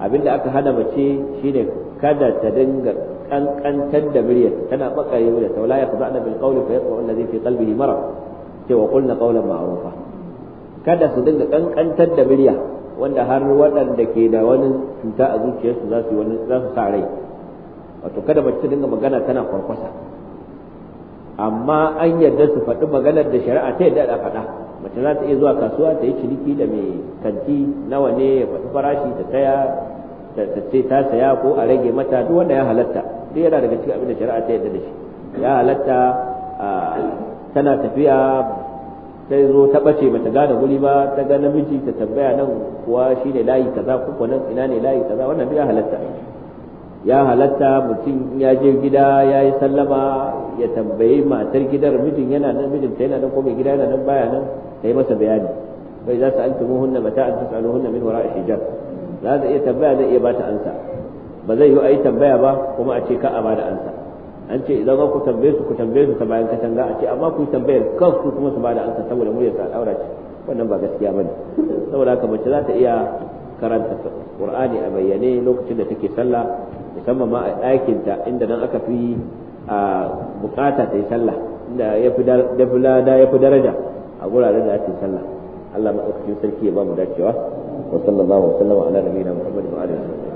abinda aka hana mace shine kada ta dinga kankantar da muryar tana bakare muryar ta la yakhda'na bil qawli fa yatma alladhi fi qalbihi marad cewa qulna qawlan ma'rufa kada su dinga kankantar da murya wanda har waɗanda ke da wani cuta a zuciyarsu za su za su sa rai wato kada mace ta dinga magana tana kwarkwasa amma an yadda su faɗi maganar da shari'a ta yadda da faɗa mace za ta iya zuwa kasuwa ta yi ciniki da mai kanti nawa ne ya faɗi farashi ta taya ta ce ta saya ko a rage mata duk wanda ya halatta duk yana daga cikin abin da shari'a ta yadda da shi ya halatta tana tafiya sai zo ta bace bata gane guri ba ta ga namiji ta tambaya nan kuwa shine layi kaza ko nan ina ne layi kaza wannan duk ya halatta ya halatta mutum ya je gida ya yi sallama ya tambayi matar gidar mijin yana nan mijin ta yana nan ko mai gida yana nan baya nan ta yi masa bayani bai za su an tumu hunna mata an tasalu hunna min wara'i hijab za ta iya tambaya zai iya bata ansa ba zai yi ayi tambaya ba kuma a ce ka a bada ansa an ce idan ku tambaye su ku tambaye su ta bayan katanga a ce amma ku yi tambayar kanku kuma su bada ansa saboda muryar ta al'aura ce wannan ba gaskiya bane saboda haka mace za ta iya karanta qur'ani a bayyane lokacin da take sallah musamman ma a ta inda nan aka fi a bukata ta yi sallah inda ya fi lada ya fi daraja a guraren da ake sallah Allah maɗaukakin sarki ya ba mu dacewa wa sallallahu wa sallama ala nabiyina Muhammad wa alihi